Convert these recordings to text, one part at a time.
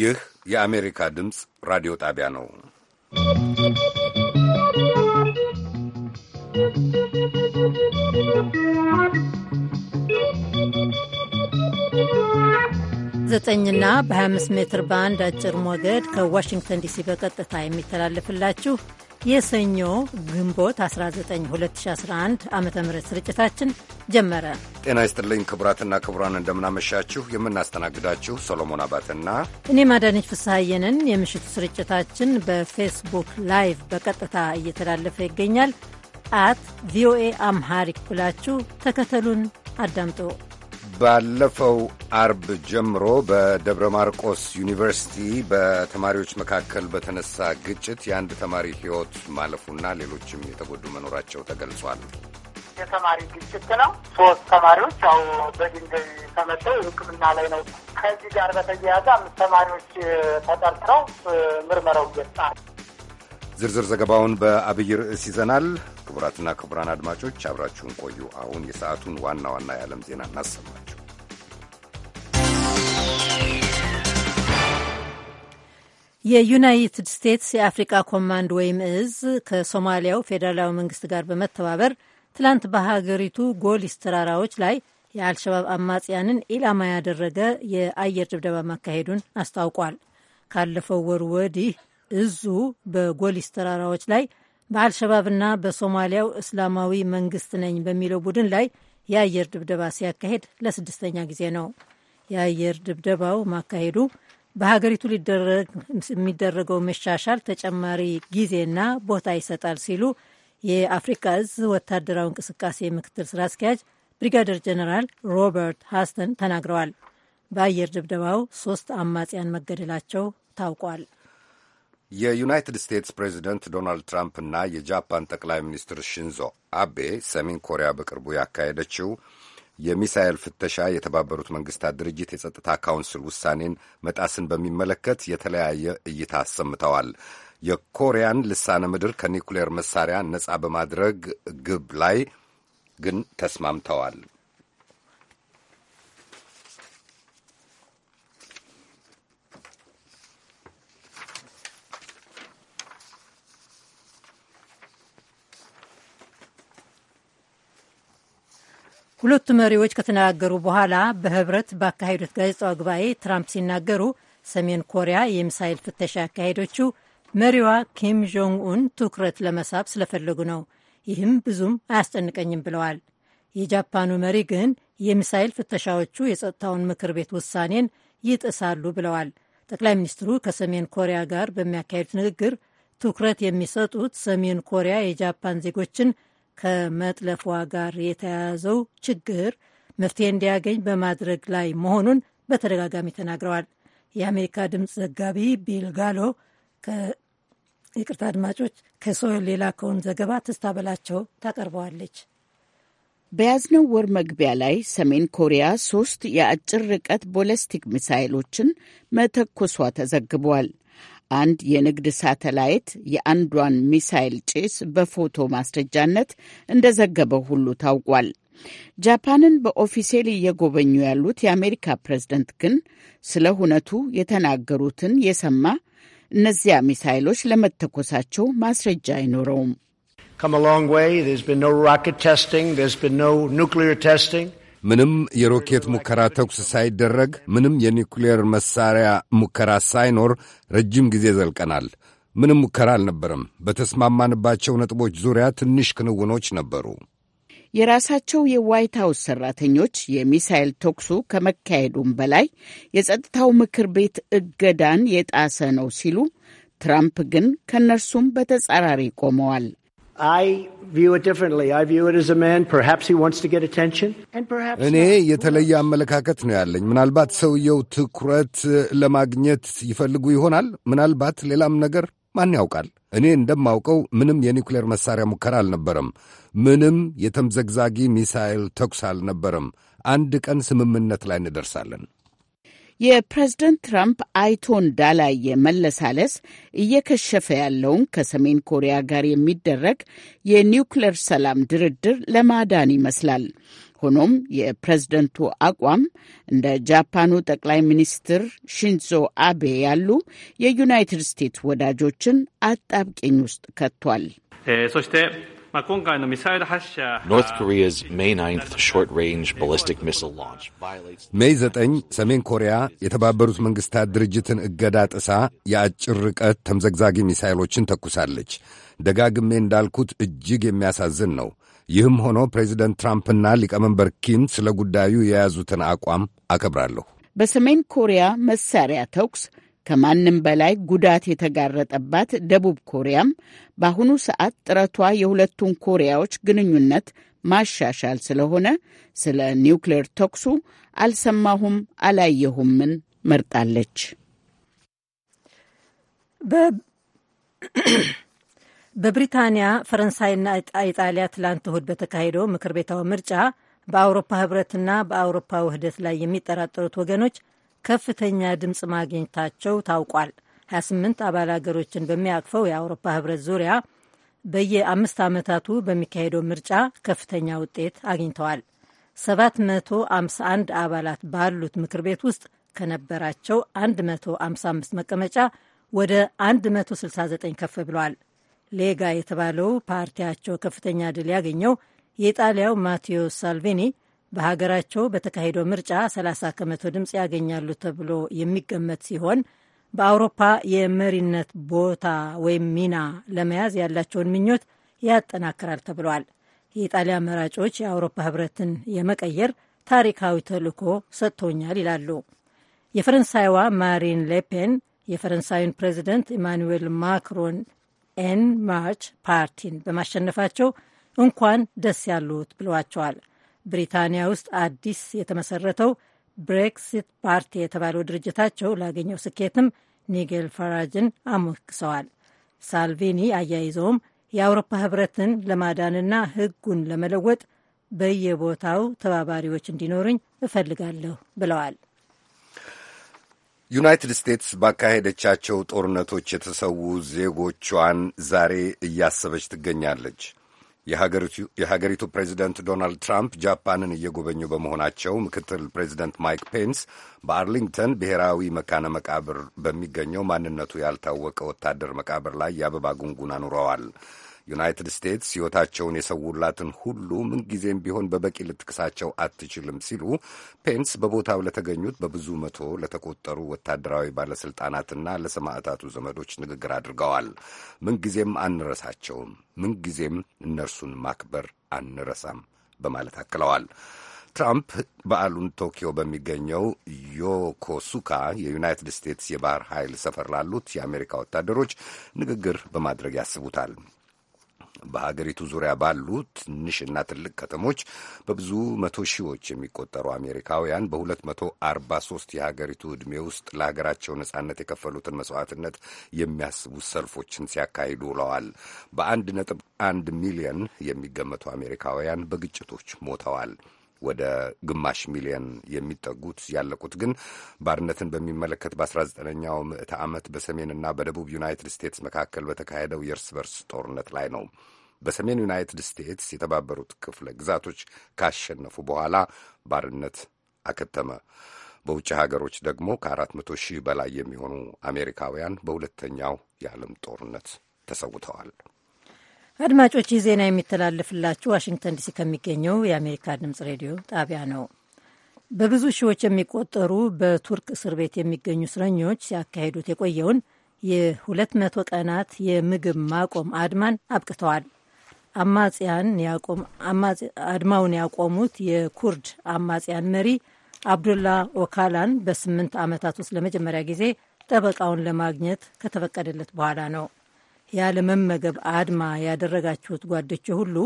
ይህ የአሜሪካ ድምፅ ራዲዮ ጣቢያ ነው። ዘጠኝና በ25 ሜትር ባንድ አጭር ሞገድ ከዋሽንግተን ዲሲ በቀጥታ የሚተላለፍላችሁ የሰኞ ግንቦት 19 2011 ዓ ም ስርጭታችን ጀመረ። ጤና ይስጥልኝ ክቡራትና ክቡራን፣ እንደምናመሻችሁ። የምናስተናግዳችሁ ሶሎሞን አባትና እኔ አዳነች ፍስሐየንን። የምሽቱ ስርጭታችን በፌስቡክ ላይቭ በቀጥታ እየተላለፈ ይገኛል። አት ቪኦኤ አምሃሪክ ብላችሁ ተከተሉን፣ አዳምጦ ባለፈው አርብ ጀምሮ በደብረ ማርቆስ ዩኒቨርሲቲ በተማሪዎች መካከል በተነሳ ግጭት የአንድ ተማሪ ሕይወት ማለፉና ሌሎችም የተጎዱ መኖራቸው ተገልጿል። የተማሪ ግጭት ነው። ሶስት ተማሪዎች ያው በድንጋይ ተመተው ሕክምና ላይ ነው። ከዚህ ጋር በተያያዘ አምስት ተማሪዎች ተጠርጥረው ምርመራው ገጣል። ዝርዝር ዘገባውን በአብይ ርዕስ ይዘናል። ክቡራትና ክቡራን አድማጮች አብራችሁን ቆዩ። አሁን የሰዓቱን ዋና ዋና የዓለም ዜና እናሰማል። የዩናይትድ ስቴትስ የአፍሪቃ ኮማንድ ወይም እዝ ከሶማሊያው ፌዴራላዊ መንግስት ጋር በመተባበር ትላንት በሀገሪቱ ጎሊስ ተራራዎች ላይ የአልሸባብ አማጽያንን ኢላማ ያደረገ የአየር ድብደባ ማካሄዱን አስታውቋል። ካለፈው ወር ወዲህ እዙ በጎሊስ ተራራዎች ላይ በአልሸባብና በሶማሊያው እስላማዊ መንግስት ነኝ በሚለው ቡድን ላይ የአየር ድብደባ ሲያካሄድ ለስድስተኛ ጊዜ ነው። የአየር ድብደባው ማካሄዱ በሀገሪቱ የሚደረገው መሻሻል ተጨማሪ ጊዜና ቦታ ይሰጣል ሲሉ የአፍሪካ እዝ ወታደራዊ እንቅስቃሴ ምክትል ስራ አስኪያጅ ብሪጋደር ጀነራል ሮበርት ሃስተን ተናግረዋል። በአየር ድብደባው ሶስት አማጽያን መገደላቸው ታውቋል። የዩናይትድ ስቴትስ ፕሬዚደንት ዶናልድ እና የጃፓን ጠቅላይ ሚኒስትር ሽንዞ አቤ ሰሜን ኮሪያ በቅርቡ ያካሄደችው የሚሳኤል ፍተሻ የተባበሩት መንግስታት ድርጅት የጸጥታ ካውንስል ውሳኔን መጣስን በሚመለከት የተለያየ እይታ አሰምተዋል። የኮሪያን ልሳነ ምድር ከኒውክሌር መሳሪያ ነጻ በማድረግ ግብ ላይ ግን ተስማምተዋል። ሁለቱ መሪዎች ከተነጋገሩ በኋላ በህብረት ባካሄዱት ጋዜጣዊ ጉባኤ ትራምፕ ሲናገሩ ሰሜን ኮሪያ የሚሳይል ፍተሻ ያካሄደችው መሪዋ ኪም ጆንግ ኡን ትኩረት ለመሳብ ስለፈለጉ ነው፣ ይህም ብዙም አያስጨንቀኝም ብለዋል። የጃፓኑ መሪ ግን የሚሳይል ፍተሻዎቹ የጸጥታውን ምክር ቤት ውሳኔን ይጥሳሉ ብለዋል። ጠቅላይ ሚኒስትሩ ከሰሜን ኮሪያ ጋር በሚያካሄዱት ንግግር ትኩረት የሚሰጡት ሰሜን ኮሪያ የጃፓን ዜጎችን ከመጥለፏ ጋር የተያያዘው ችግር መፍትሄ እንዲያገኝ በማድረግ ላይ መሆኑን በተደጋጋሚ ተናግረዋል። የአሜሪካ ድምፅ ዘጋቢ ቢል ጋሎ ይቅርታ አድማጮች፣ ከሶል የላከውን ዘገባ ትስታ በላቸው ታቀርበዋለች። በያዝነው ወር መግቢያ ላይ ሰሜን ኮሪያ ሶስት የአጭር ርቀት ቦለስቲክ ሚሳይሎችን መተኮሷ ተዘግቧል። አንድ የንግድ ሳተላይት የአንዷን ሚሳይል ጭስ በፎቶ ማስረጃነት እንደዘገበው ሁሉ ታውቋል። ጃፓንን በኦፊሴል እየጎበኙ ያሉት የአሜሪካ ፕሬዝደንት ግን ስለ ሁነቱ የተናገሩትን የሰማ እነዚያ ሚሳይሎች ለመተኮሳቸው ማስረጃ አይኖረውም። ምንም የሮኬት ሙከራ ተኩስ ሳይደረግ፣ ምንም የኒውክሌር መሳሪያ ሙከራ ሳይኖር ረጅም ጊዜ ዘልቀናል። ምንም ሙከራ አልነበረም። በተስማማንባቸው ነጥቦች ዙሪያ ትንሽ ክንውኖች ነበሩ። የራሳቸው የዋይት ሀውስ ሰራተኞች የሚሳይል ተኩሱ ከመካሄዱም በላይ የጸጥታው ምክር ቤት እገዳን የጣሰ ነው ሲሉ፣ ትራምፕ ግን ከእነርሱም በተጻራሪ ቆመዋል። እኔ የተለየ አመለካከት ነው ያለኝ። ምናልባት ሰውየው ትኩረት ለማግኘት ይፈልጉ ይሆናል። ምናልባት ሌላም ነገር ማን ያውቃል? እኔ እንደማውቀው ምንም የኒውክሌር መሳሪያ ሙከራ አልነበረም። ምንም የተምዘግዛጊ ሚሳይል ተኩስ አልነበረም። አንድ ቀን ስምምነት ላይ እንደርሳለን። የፕሬዝደንት ትራምፕ አይቶ እንዳላየ መለሳለስ እየከሸፈ ያለውን ከሰሜን ኮሪያ ጋር የሚደረግ የኒውክሌር ሰላም ድርድር ለማዳን ይመስላል። ሆኖም የፕሬዝደንቱ አቋም እንደ ጃፓኑ ጠቅላይ ሚኒስትር ሺንዞ አቤ ያሉ የዩናይትድ ስቴትስ ወዳጆችን አጣብቂኝ ውስጥ ከቷል። eh, North Korea's May 9th short-range ballistic missile launch ሜይ 9 ሰሜን ኮሪያ የተባበሩት መንግስታት ድርጅትን እገዳ ጥሳ የአጭር ርቀት ተምዘግዛጊ ሚሳይሎችን ተኩሳለች። ደጋግሜ እንዳልኩት እጅግ የሚያሳዝን ነው። ይህም ሆኖ ፕሬዚደንት ትራምፕና ሊቀመንበር ኪም ስለ ጉዳዩ የያዙትን አቋም አከብራለሁ። በሰሜን ኮሪያ መሳሪያ ተኩስ ከማንም በላይ ጉዳት የተጋረጠባት ደቡብ ኮሪያም በአሁኑ ሰዓት ጥረቷ የሁለቱን ኮሪያዎች ግንኙነት ማሻሻል ስለሆነ ስለ ኒውክሌር ተኩሱ አልሰማሁም አላየሁምን መርጣለች። በብሪታንያ ፈረንሳይና ኢጣሊያ ትላንት እሁድ በተካሄደው ምክር ቤታዊ ምርጫ በአውሮፓ ህብረትና በአውሮፓ ውህደት ላይ የሚጠራጠሩት ወገኖች ከፍተኛ ድምፅ ማግኘታቸው ታውቋል። 28 አባል አገሮችን በሚያቅፈው የአውሮፓ ህብረት ዙሪያ በየአምስት ዓመታቱ በሚካሄደው ምርጫ ከፍተኛ ውጤት አግኝተዋል። 751 አባላት ባሉት ምክር ቤት ውስጥ ከነበራቸው 155 መቀመጫ ወደ 169 ከፍ ብለዋል። ሌጋ የተባለው ፓርቲያቸው ከፍተኛ ድል ያገኘው የኢጣሊያው ማቴዎ ሳልቪኒ በሀገራቸው በተካሄደው ምርጫ 30 ከመቶ ድምፅ ያገኛሉ ተብሎ የሚገመት ሲሆን በአውሮፓ የመሪነት ቦታ ወይም ሚና ለመያዝ ያላቸውን ምኞት ያጠናክራል ተብሏል። የኢጣሊያ መራጮች የአውሮፓ ህብረትን የመቀየር ታሪካዊ ተልዕኮ ሰጥቶኛል ይላሉ። የፈረንሳይዋ ማሪን ሌፔን የፈረንሳዩን ፕሬዚደንት ኢማኑዌል ማክሮን ኤን ማርች ፓርቲን በማሸነፋቸው እንኳን ደስ ያሉት ብለዋቸዋል። ብሪታንያ ውስጥ አዲስ የተመሰረተው ብሬክሲት ፓርቲ የተባለው ድርጅታቸው ላገኘው ስኬትም ኒጌል ፈራጅን አሞክሰዋል። ሳልቪኒ አያይዘውም የአውሮፓ ህብረትን ለማዳንና ህጉን ለመለወጥ በየቦታው ተባባሪዎች እንዲኖርኝ እፈልጋለሁ ብለዋል። ዩናይትድ ስቴትስ ባካሄደቻቸው ጦርነቶች የተሰዉ ዜጎቿን ዛሬ እያሰበች ትገኛለች። የሀገሪቱ ፕሬዚደንት ዶናልድ ትራምፕ ጃፓንን እየጎበኙ በመሆናቸው ምክትል ፕሬዚደንት ማይክ ፔንስ በአርሊንግተን ብሔራዊ መካነ መቃብር በሚገኘው ማንነቱ ያልታወቀ ወታደር መቃብር ላይ የአበባ ጉንጉን አኑረዋል። ዩናይትድ ስቴትስ ሕይወታቸውን የሰውላትን ሁሉ ምንጊዜም ቢሆን በበቂ ልትክሳቸው አትችልም ሲሉ ፔንስ በቦታው ለተገኙት በብዙ መቶ ለተቆጠሩ ወታደራዊ ባለሥልጣናትና ለሰማዕታቱ ዘመዶች ንግግር አድርገዋል። ምንጊዜም አንረሳቸውም፣ ምንጊዜም እነርሱን ማክበር አንረሳም በማለት አክለዋል። ትራምፕ በዓሉን ቶኪዮ በሚገኘው ዮኮሱካ የዩናይትድ ስቴትስ የባህር ኃይል ሰፈር ላሉት የአሜሪካ ወታደሮች ንግግር በማድረግ ያስቡታል። በሀገሪቱ ዙሪያ ባሉ ትንሽ ና ትልቅ ከተሞች በብዙ መቶ ሺዎች የሚቆጠሩ አሜሪካውያን በ243 የሀገሪቱ ዕድሜ ውስጥ ለሀገራቸው ነጻነት የከፈሉትን መስዋዕትነት የሚያስቡ ሰልፎችን ሲያካሂዱ ውለዋል። በአንድ ነጥብ አንድ ሚሊዮን የሚገመቱ አሜሪካውያን በግጭቶች ሞተዋል። ወደ ግማሽ ሚሊዮን የሚጠጉት ያለቁት ግን ባርነትን በሚመለከት በ19ኛው ምዕተ ዓመት በሰሜንና በደቡብ ዩናይትድ ስቴትስ መካከል በተካሄደው የእርስ በርስ ጦርነት ላይ ነው። በሰሜን ዩናይትድ ስቴትስ የተባበሩት ክፍለ ግዛቶች ካሸነፉ በኋላ ባርነት አከተመ። በውጭ ሀገሮች ደግሞ ከአራት መቶ ሺህ በላይ የሚሆኑ አሜሪካውያን በሁለተኛው የዓለም ጦርነት ተሰውተዋል። አድማጮች ይህ ዜና የሚተላለፍላችሁ ዋሽንግተን ዲሲ ከሚገኘው የአሜሪካ ድምጽ ሬዲዮ ጣቢያ ነው። በብዙ ሺዎች የሚቆጠሩ በቱርክ እስር ቤት የሚገኙ እስረኞች ሲያካሂዱት የቆየውን የሁለት መቶ ቀናት የምግብ ማቆም አድማን አብቅተዋል። አማጽያን አድማውን ያቆሙት የኩርድ አማጽያን መሪ አብዱላ ኦካላን በስምንት ዓመታት ውስጥ ለመጀመሪያ ጊዜ ጠበቃውን ለማግኘት ከተፈቀደለት በኋላ ነው። ያለመመገብ አድማ ያደረጋችሁት ጓዶች ሁሉ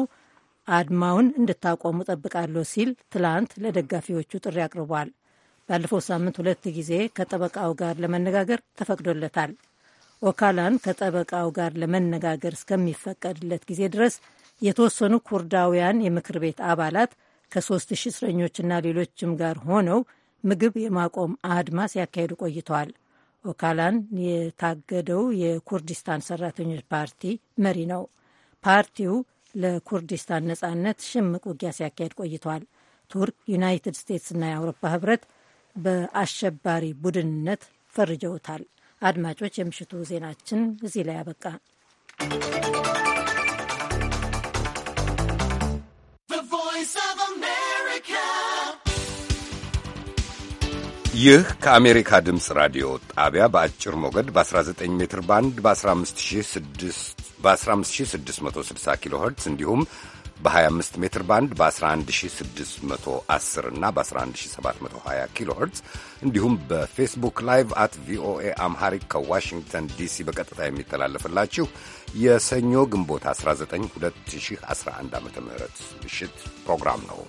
አድማውን እንድታቆሙ ጠብቃለሁ ሲል ትላንት ለደጋፊዎቹ ጥሪ አቅርቧል። ባለፈው ሳምንት ሁለት ጊዜ ከጠበቃው ጋር ለመነጋገር ተፈቅዶለታል። ኦካላን ከጠበቃው ጋር ለመነጋገር እስከሚፈቀድለት ጊዜ ድረስ የተወሰኑ ኩርዳውያን የምክር ቤት አባላት ከሶስት ሺህ እስረኞችና ሌሎችም ጋር ሆነው ምግብ የማቆም አድማ ሲያካሂዱ ቆይተዋል። ኦካላን የታገደው የኩርዲስታን ሰራተኞች ፓርቲ መሪ ነው። ፓርቲው ለኩርዲስታን ነጻነት ሽምቅ ውጊያ ሲያካሄድ ቆይቷል። ቱርክ፣ ዩናይትድ ስቴትስና የአውሮፓ ህብረት በአሸባሪ ቡድንነት ፈርጀውታል። አድማጮች፣ የምሽቱ ዜናችን እዚህ ላይ አበቃ። ይህ ከአሜሪካ ድምፅ ራዲዮ ጣቢያ በአጭር ሞገድ በ19 ሜትር ባንድ በ15660 ኪሎ ኸርትዝ እንዲሁም በ25 ሜትር ባንድ በ11610 እና በ11720 ኪሎ ኸርትዝ እንዲሁም በፌስቡክ ላይቭ አት ቪኦኤ አምሃሪክ ከዋሽንግተን ዲሲ በቀጥታ የሚተላለፍላችሁ የሰኞ ግንቦት 19 2011 ዓ ም ምሽት ፕሮግራም ነው።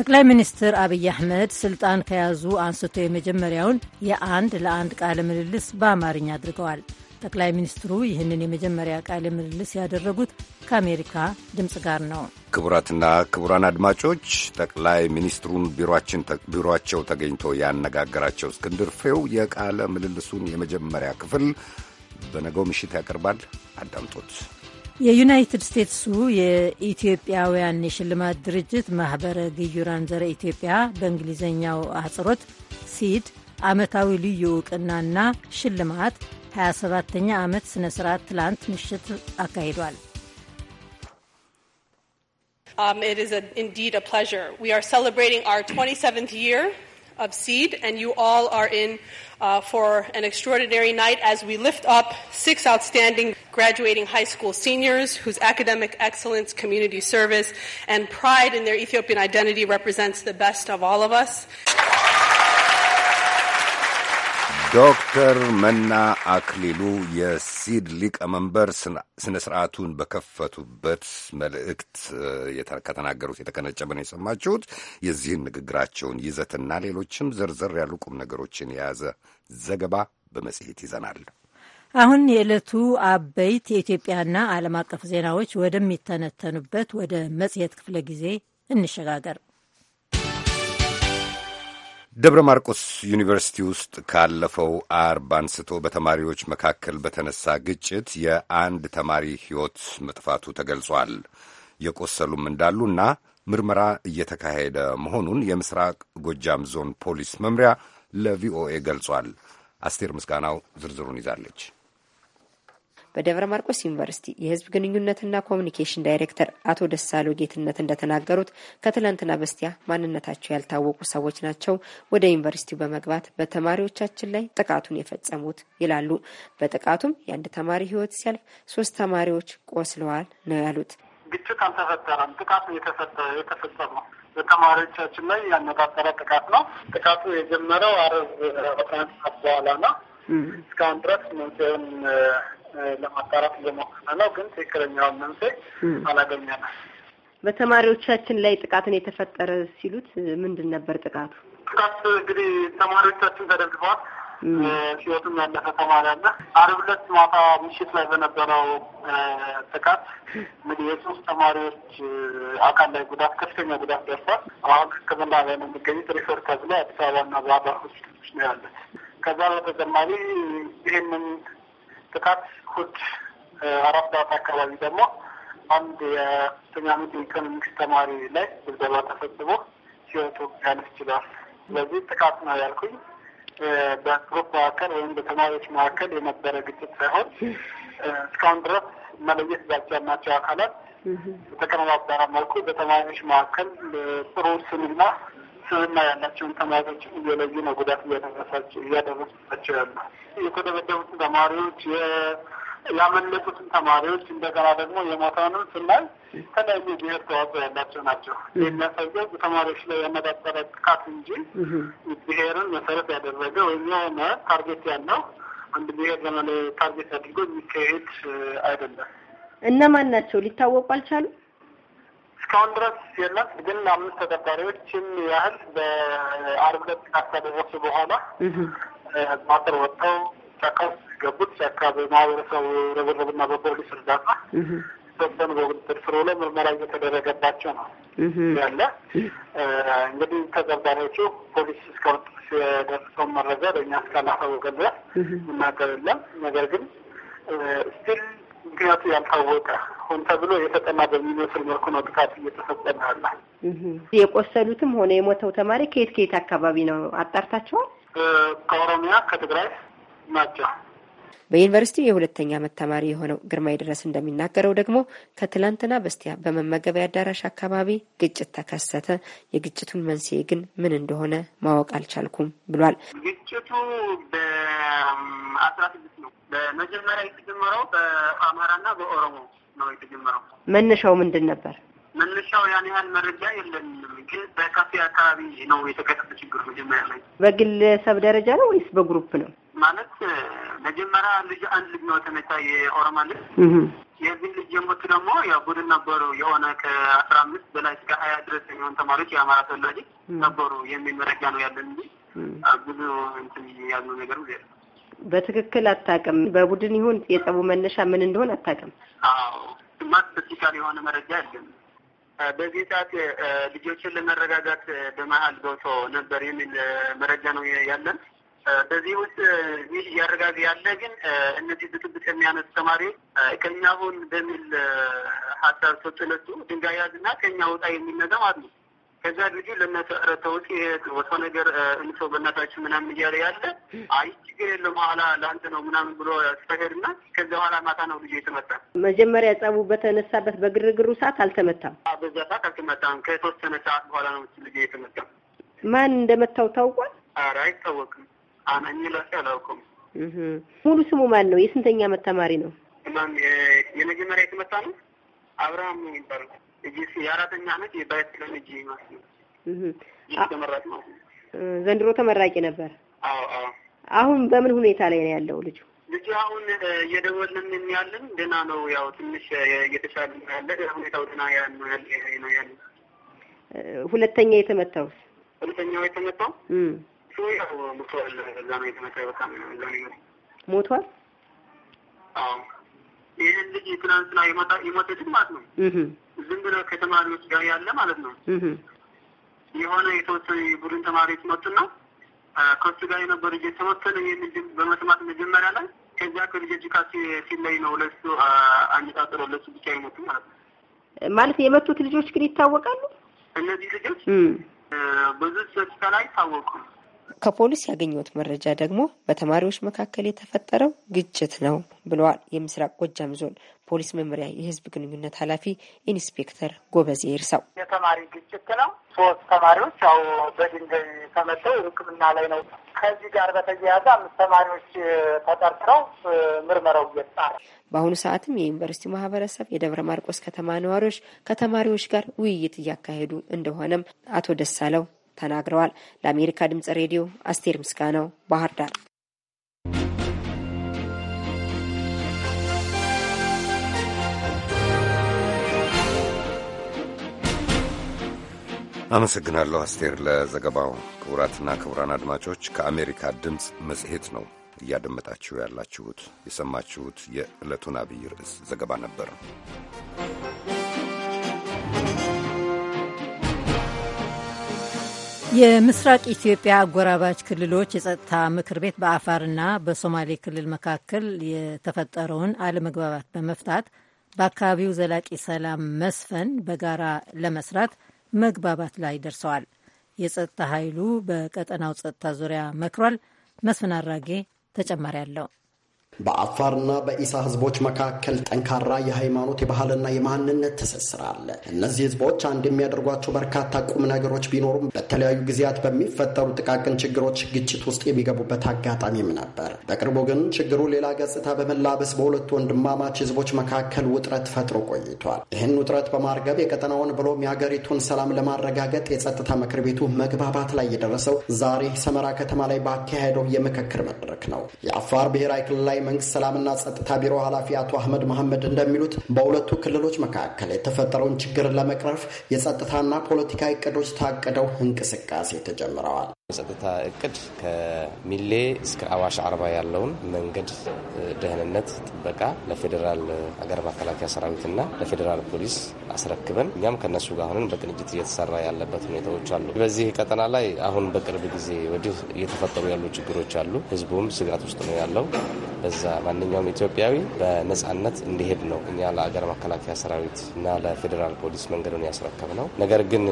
ጠቅላይ ሚኒስትር አብይ አህመድ ስልጣን ከያዙ አንስቶ የመጀመሪያውን የአንድ ለአንድ ቃለ ምልልስ በአማርኛ አድርገዋል። ጠቅላይ ሚኒስትሩ ይህንን የመጀመሪያ ቃለ ምልልስ ያደረጉት ከአሜሪካ ድምፅ ጋር ነው። ክቡራትና ክቡራን አድማጮች ጠቅላይ ሚኒስትሩን ቢሮአቸው ተገኝቶ ያነጋገራቸው እስክንድር ፍሬው የቃለ ምልልሱን የመጀመሪያ ክፍል በነገው ምሽት ያቀርባል። አዳምጦት የዩናይትድ ስቴትሱ የኢትዮጵያውያን የሽልማት ድርጅት ማኅበረ ግዩራን ዘረ ኢትዮጵያ በእንግሊዝኛው አጽሮት ሲድ ዓመታዊ ልዩ ዕውቅናና ሽልማት 27 ተኛ ዓመት ሥነ ሥርዓት ትላንት ምሽት አካሂዷል። ሲድ um, graduating high school seniors whose academic excellence, community service, and pride in their Ethiopian identity represents the best of all of us. ዶክተር መና አክሊሉ የሲድ ሊቀመንበር ስነ ስርዓቱን በከፈቱበት መልእክት ከተናገሩት የተቀነጨበ ነው የሰማችሁት። የዚህን ንግግራቸውን ይዘትና ሌሎችም ዘርዘር ያሉ ቁም ነገሮችን የያዘ ዘገባ በመጽሔት ይዘናል። አሁን የዕለቱ አበይት የኢትዮጵያና ዓለም አቀፍ ዜናዎች ወደሚተነተኑበት ወደ መጽሔት ክፍለ ጊዜ እንሸጋገር። ደብረ ማርቆስ ዩኒቨርሲቲ ውስጥ ካለፈው አርብ አንስቶ በተማሪዎች መካከል በተነሳ ግጭት የአንድ ተማሪ ሕይወት መጥፋቱ ተገልጿል። የቆሰሉም እንዳሉና ምርመራ እየተካሄደ መሆኑን የምስራቅ ጎጃም ዞን ፖሊስ መምሪያ ለቪኦኤ ገልጿል። አስቴር ምስጋናው ዝርዝሩን ይዛለች። በደብረ ማርቆስ ዩኒቨርሲቲ የህዝብ ግንኙነትና ኮሚኒኬሽን ዳይሬክተር አቶ ደሳሎ ጌትነት እንደተናገሩት ከትላንትና በስቲያ ማንነታቸው ያልታወቁ ሰዎች ናቸው ወደ ዩኒቨርሲቲው በመግባት በተማሪዎቻችን ላይ ጥቃቱን የፈጸሙት ይላሉ። በጥቃቱም የአንድ ተማሪ ህይወት ሲያልፍ ሶስት ተማሪዎች ቆስለዋል ነው ያሉት። ግጭት አልተፈጠረም። ጥቃቱ የተፈጸመው በተማሪዎቻችን ላይ ያነጣጠረ ጥቃት ነው። ጥቃቱ የጀመረው አረብ በኋላ ነው። እስካሁን ድረስ መንስኤውን ለማጣራት እየሞከረ ነው፣ ግን ትክክለኛውን መንስኤ አላገኘንም። በተማሪዎቻችን ላይ ጥቃትን የተፈጠረ ሲሉት ምንድን ነበር ጥቃቱ? ጥቃት እንግዲህ ተማሪዎቻችን ተደግፈዋል ህይወቱም ያለፈ ተማሪ አለ። አርብ ዕለት ማታ ምሽት ላይ በነበረው ጥቃት እንግዲህ የሶስት ተማሪዎች አካል ላይ ጉዳት ከፍተኛ ጉዳት ደርሷል። አሁን ሕክምና ላይ ነው የሚገኙት። ሪፈር ተብሎ አዲስ አበባና ባህርዳር ሆስፒታሎች ነው ያለ። ከዛ በተጨማሪ ይህንን ጥቃት እሑድ አራት ሰዓት አካባቢ ደግሞ አንድ የአምስተኛ ዓመት ኢኮኖሚክስ ተማሪ ላይ ድብደባ ተፈጽሞ ሲወጡ ያነስ ችሏል። ስለዚህ ጥቃት ነው ያልኩኝ በግሩፕ መካከል ወይም በተማሪዎች መካከል የነበረ ግጭት ሳይሆን እስካሁን ድረስ መለየት ባልቻልናቸው አካላት በተቀነባበረ መልኩ በተማሪዎች መካከል ጥሩ ስምና ሕክምና ያላቸውን ተማሪዎች እየለዩ ነው ጉዳት እያደረሱባቸው ያሉ። የተደበደቡትን ተማሪዎች፣ ያመለጡትን ተማሪዎች እንደገና ደግሞ የሞተውንም ስናይ የተለያዩ ብሔር ተዋጽኦ ያላቸው ናቸው። የሚያሳየው በተማሪዎች ላይ ያነጣጠረ ጥቃት እንጂ ብሔርን መሰረት ያደረገ ወይም የሆነ ታርጌት ያለው አንድ ብሔር ለመለ ታርጌት አድርጎ የሚካሄድ አይደለም። እነማን ናቸው ሊታወቁ አልቻሉም። እስካሁን ድረስ የለም። ግን አምስት ተጠርጣሪዎችን ያህል በአርብ ዕለት ጥቃት በኋላ ማጠር ወጥተው ጫካ ገቡት። ጫካ በማህበረሰቡ ርብርብና በፖሊስ እርዳታ የተወሰኑ በቁጥጥር ስር ውለው ምርመራ እየተደረገባቸው ነው ያለ እንግዲህ ተጠርጣሪዎቹ ፖሊስ እስካሁን ድረስ የደረሰውን መረጃ ለእኛ እስካላሳወቀ ድረስ እናገር የለም ነገር ግን ስቲል ምክንያቱ ያልታወቀ ሆን ተብሎ የተጠና በሚመስል መልኩ ነው ጥቃት እየተፈጸመ ያለ። የቆሰሉትም ሆነ የሞተው ተማሪ ከየት ከየት አካባቢ ነው አጣርታቸዋል? ከኦሮሚያ ከትግራይ ናቸው። በዩኒቨርሲቲው የሁለተኛ ዓመት ተማሪ የሆነው ግርማ ድረስ እንደሚናገረው ደግሞ ከትላንትና በስቲያ በመመገቢያ አዳራሽ አካባቢ ግጭት ተከሰተ። የግጭቱን መንስኤ ግን ምን እንደሆነ ማወቅ አልቻልኩም ብሏል። ግጭቱ በአስራ ስድስት ነው በመጀመሪያ የተጀመረው በአማራና በኦሮሞ ነው የተጀመረው። መነሻው ምንድን ነበር? መነሻው ያን ያህል መረጃ የለንም፣ ግን በካፌ አካባቢ ነው የተከሰተ ችግር። መጀመሪያ ላይ በግለሰብ ደረጃ ነው ወይስ በግሩፕ ነው? ማለት መጀመሪያ ልጅ አንድ ልጅ ነው የተመታ የኦሮማ ልጅ። የዚህ ልጅ የሞቱ ደግሞ ያው ቡድን ነበሩ የሆነ ከአስራ አምስት በላይ እስከ ሀያ ድረስ የሚሆን ተማሪዎች የአማራ ተወላጅ ነበሩ የሚል መረጃ ነው ያለን እንጂ ብዙ እንትን ያሉ ነገር ነው በትክክል አታውቅም። በቡድን ይሁን የጸቡ መነሻ ምን እንደሆን አታውቅም። አዎ የሆነ መረጃ የለም። በዚህ ሰዓት ልጆችን ለመረጋጋት በመሀል ገብቶ ነበር የሚል መረጃ ነው ያለን። በዚህ ውስጥ ይህ እያረጋገ ያለ ግን እነዚህ ብጥብጥ የሚያነሱ ተማሪዎች ከኛ ሁን በሚል ሀሳብ ሰጥነቱ ድንጋይ ያዝና ከኛ ወጣ የሚል ነገር ማለት ነው። ከዛ ልጁ ለእነሱ ረተውት ወቶ ነገር እንሶ በእናታችን ምናምን እያለ ያለ አይ ችግር የለም በኋላ ለአንተ ነው ምናምን ብሎ ስፈሄድና ከዚ በኋላ ማታ ነው ልጁ የተመጣ። መጀመሪያ ጸቡ በተነሳበት በግርግሩ ሰዓት አልተመታም። በዛ ሰዓት አልተመታም። ከተወሰነ ሰዓት በኋላ ነው ልጁ የተመጣ። ማን እንደመታው ታውቋል? ኧረ አይታወቅም። አነኝ ለሴ አላውቅም። ሙሉ ስሙ ማን ነው? የስንተኛ ዓመት ተማሪ ነው? ማን የመጀመሪያ የተመታ ነው? አብርሃም ነው የሚባለው። እጅ የአራተኛ አመት የባይስለን እጅ ማለት ነው። ማለት ነው። ዘንድሮ ተመራቂ ነበር። አሁን በምን ሁኔታ ላይ ነው ያለው ልጁ? ልጁ አሁን እየደወልን ያለን ደህና ነው። ያው ትንሽ እየተሻለ ያለ ሁኔታው ደህና ያለው ያለ ነው ያለ። ሁለተኛ የተመታውስ? ሁለተኛው የተመታው እሱ ያው ሞቷል። እዛ ነው በጣም እዛ ነው ሞቷል። አዎ ይህን ልጅ ትናንትና የሞታ ማለት ነው። ዝም ከተማሪዎች ጋር ያለ ማለት ነው። የሆነ የተወሰነ የቡድን ተማሪዎች መጡና ከሱ ጋር የነበሩ ልጆች ይህን በመስማት መጀመሪያ ላይ ከዚያ ከልጆች ነው ለሱ አነጣጥሮ ለሱ ብቻ የሞቱ ማለት ነው። ማለት የመቱት ልጆች ግን ይታወቃሉ። እነዚህ ልጆች ብዙ ሰዎች ላይ ታወቁ። ከፖሊስ ያገኘሁት መረጃ ደግሞ በተማሪዎች መካከል የተፈጠረው ግጭት ነው ብለዋል። የምስራቅ ጎጃም ዞን ፖሊስ መምሪያ የህዝብ ግንኙነት ኃላፊ ኢንስፔክተር ጎበዜ ይርሳው የተማሪ ግጭት ነው። ሶስት ተማሪዎች ያው በድንጋይ ተመተው ሕክምና ላይ ነው። ከዚህ ጋር በተያያዘ አምስት ተማሪዎች ተጠርጥረው ምርመራው እየጣረ በአሁኑ ሰዓትም የዩኒቨርሲቲ ማህበረሰብ የደብረ ማርቆስ ከተማ ነዋሪዎች ከተማሪዎች ጋር ውይይት እያካሄዱ እንደሆነም አቶ ደሳለው ተናግረዋል። ለአሜሪካ ድምጽ ሬዲዮ አስቴር ምስጋናው ባህር ዳር። አመሰግናለሁ አስቴር ለዘገባው። ክቡራትና ክቡራን አድማጮች ከአሜሪካ ድምፅ መጽሔት ነው እያደመጣችሁ ያላችሁት። የሰማችሁት የዕለቱን አብይ ርዕስ ዘገባ ነበር። የምስራቅ ኢትዮጵያ አጎራባች ክልሎች የጸጥታ ምክር ቤት በአፋርና በሶማሌ ክልል መካከል የተፈጠረውን አለመግባባት በመፍታት በአካባቢው ዘላቂ ሰላም መስፈን በጋራ ለመስራት መግባባት ላይ ደርሰዋል። የጸጥታ ኃይሉ በቀጠናው ጸጥታ ዙሪያ መክሯል። መስፍን አራጌ ተጨማሪ አለው። በአፋርና በኢሳ ህዝቦች መካከል ጠንካራ የሃይማኖት የባህልና የማንነት ትስስር አለ። እነዚህ ህዝቦች አንድ የሚያደርጓቸው በርካታ ቁም ነገሮች ቢኖሩም በተለያዩ ጊዜያት በሚፈጠሩ ጥቃቅን ችግሮች ግጭት ውስጥ የሚገቡበት አጋጣሚም ነበር። በቅርቡ ግን ችግሩ ሌላ ገጽታ በመላበስ በሁለቱ ወንድማማች ህዝቦች መካከል ውጥረት ፈጥሮ ቆይቷል። ይህን ውጥረት በማርገብ የቀጠናውን ብሎም የአገሪቱን ሰላም ለማረጋገጥ የጸጥታ ምክር ቤቱ መግባባት ላይ የደረሰው ዛሬ ሰመራ ከተማ ላይ ባካሄደው የምክክር መድረክ ነው። የአፋር ብሔራዊ ክልላዊ መንግስት ሰላምና ጸጥታ ቢሮ ኃላፊ አቶ አህመድ መሐመድ እንደሚሉት በሁለቱ ክልሎች መካከል የተፈጠረውን ችግር ለመቅረፍ የጸጥታና ፖለቲካ እቅዶች ታቅደው እንቅስቃሴ ተጀምረዋል። የጸጥታ እቅድ ከሚሌ እስከ አዋሽ አርባ ያለውን መንገድ ደህንነት ጥበቃ ለፌዴራል አገር መከላከያ ሰራዊትና ለፌዴራል ፖሊስ አስረክበን እኛም ከነሱ ጋር ሆነን በቅንጅት እየተሰራ ያለበት ሁኔታዎች አሉ። በዚህ ቀጠና ላይ አሁን በቅርብ ጊዜ ወዲህ እየተፈጠሩ ያሉ ችግሮች አሉ። ህዝቡም ስጋት ውስጥ ነው ያለው። ለዛ ማንኛውም ኢትዮጵያዊ በነጻነት እንዲሄድ ነው እኛ ለአገር መከላከያ ሰራዊት እና ለፌዴራል ፖሊስ መንገዱን ያስረከብ ነው። ነገር ግን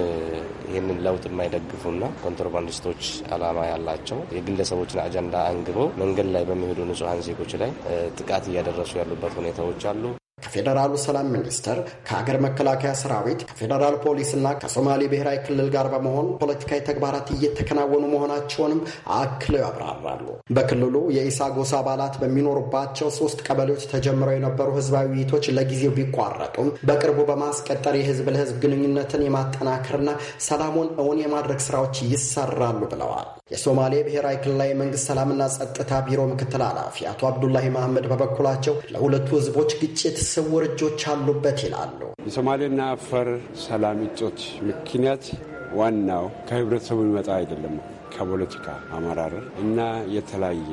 ይህንን ለውጥ የማይደግፉና ኮንትሮባንዲስቶች አላማ ያላቸው የግለሰቦችን አጀንዳ አንግበው መንገድ ላይ በሚሄዱ ንጹሐን ዜጎች ላይ ጥቃት እያደረሱ ያሉበት ሁኔታዎች አሉ። ከፌዴራሉ ሰላም ሚኒስቴር፣ ከሀገር መከላከያ ሰራዊት፣ ከፌዴራል ፖሊስና ከሶማሌ ብሔራዊ ክልል ጋር በመሆን ፖለቲካዊ ተግባራት እየተከናወኑ መሆናቸውንም አክለው ያብራራሉ። በክልሉ የኢሳ ጎሳ አባላት በሚኖሩባቸው ሶስት ቀበሌዎች ተጀምረው የነበሩ ህዝባዊ ውይይቶች ለጊዜው ቢቋረጡም በቅርቡ በማስቀጠር የህዝብ ለህዝብ ግንኙነትን የማጠናከርና ሰላሙን እውን የማድረግ ስራዎች ይሰራሉ ብለዋል። የሶማሌ ብሔራዊ ክልላዊ መንግስት ሰላምና ጸጥታ ቢሮ ምክትል ኃላፊ አቶ አብዱላሂ መሐመድ በበኩላቸው ለሁለቱ ህዝቦች ግጭት ስውር እጆች አሉበት ይላሉ። የሶማሌና አፋር ሰላም እጦት ምክንያት ዋናው ከህብረተሰቡ ይመጣ አይደለም ከፖለቲካ አመራር እና የተለያየ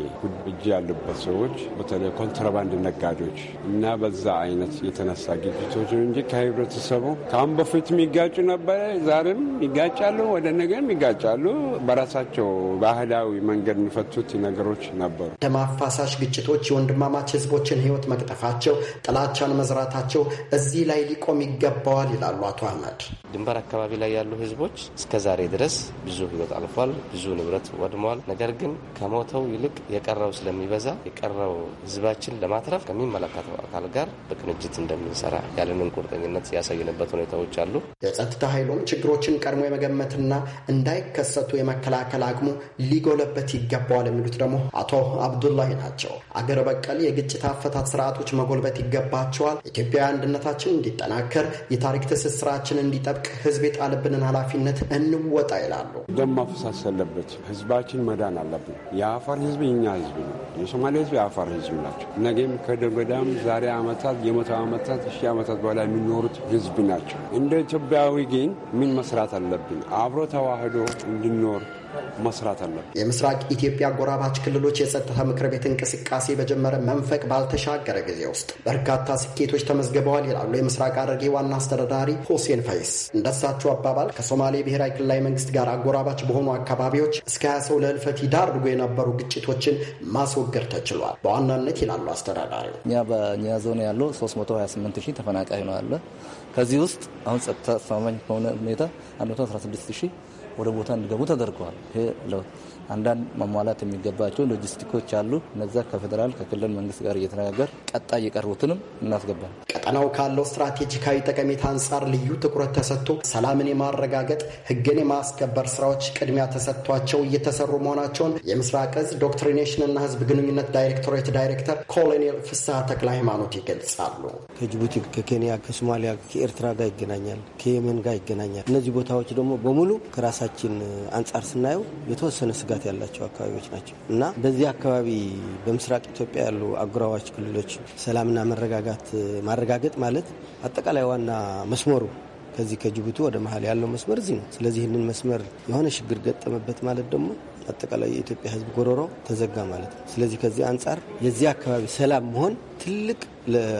እጅ ያሉበት ሰዎች በተለይ ኮንትራባንድ ነጋዴዎች እና በዛ አይነት የተነሳ ግጭቶች ነው እንጂ ከህብረተሰቡ ከአሁን በፊት የሚጋጩ ነበረ። ዛሬም ይጋጫሉ፣ ወደ ነገም ይጋጫሉ። በራሳቸው ባህላዊ መንገድ የሚፈቱት ነገሮች ነበሩ። ደም አፋሳሽ ግጭቶች የወንድማማች ህዝቦችን ህይወት መቅጠፋቸው፣ ጥላቻን መዝራታቸው እዚህ ላይ ሊቆም ይገባዋል ይላሉ አቶ አህመድ። ድንበር አካባቢ ላይ ያሉ ህዝቦች እስከዛሬ ድረስ ብዙ ህይወት አልፏል። ብዙ ንብረት ወድሟል። ነገር ግን ከሞተው ይልቅ የቀረው ስለሚበዛ የቀረው ህዝባችን ለማትረፍ ከሚመለከተው አካል ጋር በቅንጅት እንደምንሰራ ያለንን ቁርጠኝነት ያሳየንበት ሁኔታዎች አሉ። የጸጥታ ኃይሉም ችግሮችን ቀድሞ የመገመትና እንዳይከሰቱ የመከላከል አቅሙ ሊጎለበት ይገባዋል የሚሉት ደግሞ አቶ አብዱላሂ ናቸው። አገር በቀል የግጭት አፈታት ስርዓቶች መጎልበት ይገባቸዋል። ኢትዮጵያ አንድነታችን እንዲጠናከር፣ የታሪክ ትስስራችን እንዲጠብቅ ህዝብ የጣልብንን ኃላፊነት እንወጣ ይላሉ። ደም አለበት። ህዝባችን መዳን አለብን። የአፋር ህዝብ የኛ ህዝብ ነው። የሶማሌ ህዝብ የአፋር ህዝብ ናቸው። ነገም ከደገዳም ዛሬ ዓመታት የመቶ ዓመታት ሺህ ዓመታት በኋላ የሚኖሩት ህዝብ ናቸው። እንደ ኢትዮጵያዊ ግን ምን መስራት አለብን? አብሮ ተዋህዶ እንድኖር መስራት አለብን። የምስራቅ ኢትዮጵያ ጎራባች ክልሎች የጸጥታ ምክር ቤት እንቅስቃሴ በጀመረ መንፈቅ ባልተሻገረ ጊዜ ውስጥ በርካታ ስኬቶች ተመዝግበዋል ይላሉ የምስራቅ ሐረርጌ ዋና አስተዳዳሪ ሁሴን ፈይስ። እንደሳቸው አባባል ከሶማሌ ብሔራዊ ክልላዊ መንግስት ጋር አጎራባች በሆኑ አካባቢዎች እስከ 20 ሰው ለህልፈት ይዳርጉ የነበሩ ግጭቶችን ማስወገድ ተችሏል። በዋናነት ይላሉ አስተዳዳሪው እኛ በእኛ ዞን ያለው 328 ሺህ ተፈናቃይ ነው ያለ ከዚህ ውስጥ አሁን ጸጥታ አስተማማኝ ከሆነ ሁኔታ 116 ሺህ ወደ ቦታ እንዲገቡ ተደርገዋል። ይሄ አንዳንድ መሟላት የሚገባቸው ሎጂስቲኮች አሉ። እነዛ ከፌዴራል ከክልል መንግስት ጋር እየተነጋገር ቀጣይ የቀርቡትንም እናስገባል። ቀጠናው ካለው ስትራቴጂካዊ ጠቀሜታ አንጻር ልዩ ትኩረት ተሰጥቶ ሰላምን የማረጋገጥ ህግን የማስከበር ስራዎች ቅድሚያ ተሰጥቷቸው እየተሰሩ መሆናቸውን የምስራቅ እዝ ዶክትሪኔሽንና ህዝብ ግንኙነት ዳይሬክቶሬት ዳይሬክተር ኮሎኔል ፍስሐ ተክለ ሃይማኖት ይገልጻሉ። ከጅቡቲ፣ ከኬንያ፣ ከሶማሊያ፣ ከኤርትራ ጋር ይገናኛል፣ ከየመን ጋር ይገናኛል። እነዚህ ቦታዎች ደግሞ በሙሉ ከራሳችን አንጻር ስናየው የተወሰነ ስጋት ያላቸው አካባቢዎች ናቸው እና በዚህ አካባቢ በምስራቅ ኢትዮጵያ ያሉ አጉራዋች ክልሎች ሰላምና መረጋጋት ማረጋ ማረጋገጥ ማለት አጠቃላይ ዋና መስመሩ ከዚህ ከጅቡቲ ወደ መሀል ያለው መስመር እዚህ ነው። ስለዚህ ይህንን መስመር የሆነ ችግር ገጠመበት ማለት ደግሞ አጠቃላይ የኢትዮጵያ ሕዝብ ጎሮሮ ተዘጋ ማለት ነው። ስለዚህ ከዚህ አንጻር የዚህ አካባቢ ሰላም መሆን ትልቅ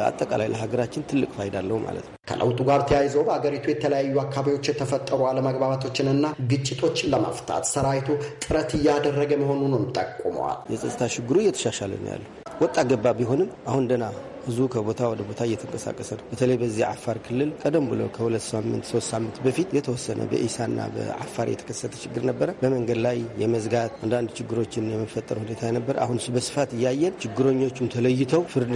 አጠቃላይ ለሀገራችን ትልቅ ፋይዳ አለው ማለት ነው። ከለውጡ ጋር ተያይዞ በሀገሪቱ የተለያዩ አካባቢዎች የተፈጠሩ አለመግባባቶችንና ግጭቶችን ለመፍታት ሰራዊቱ ጥረት እያደረገ መሆኑንም ጠቁመዋል። የጸጥታ ችግሩ እየተሻሻለ ነው ያለው። ወጣ ገባ ቢሆንም አሁን ደህና ህዝቡ ከቦታ ወደ ቦታ እየተንቀሳቀሰ ነው። በተለይ በዚህ አፋር ክልል ቀደም ብሎ ከሁለት ሳምንት ሶስት ሳምንት በፊት የተወሰነ በኢሳና በአፋር የተከሰተ ችግር ነበረ። በመንገድ ላይ የመዝጋት አንዳንድ ችግሮችን የመፈጠር ሁኔታ ነበር። አሁን በስፋት እያየን ችግረኞቹም ተለይተው ፍርድ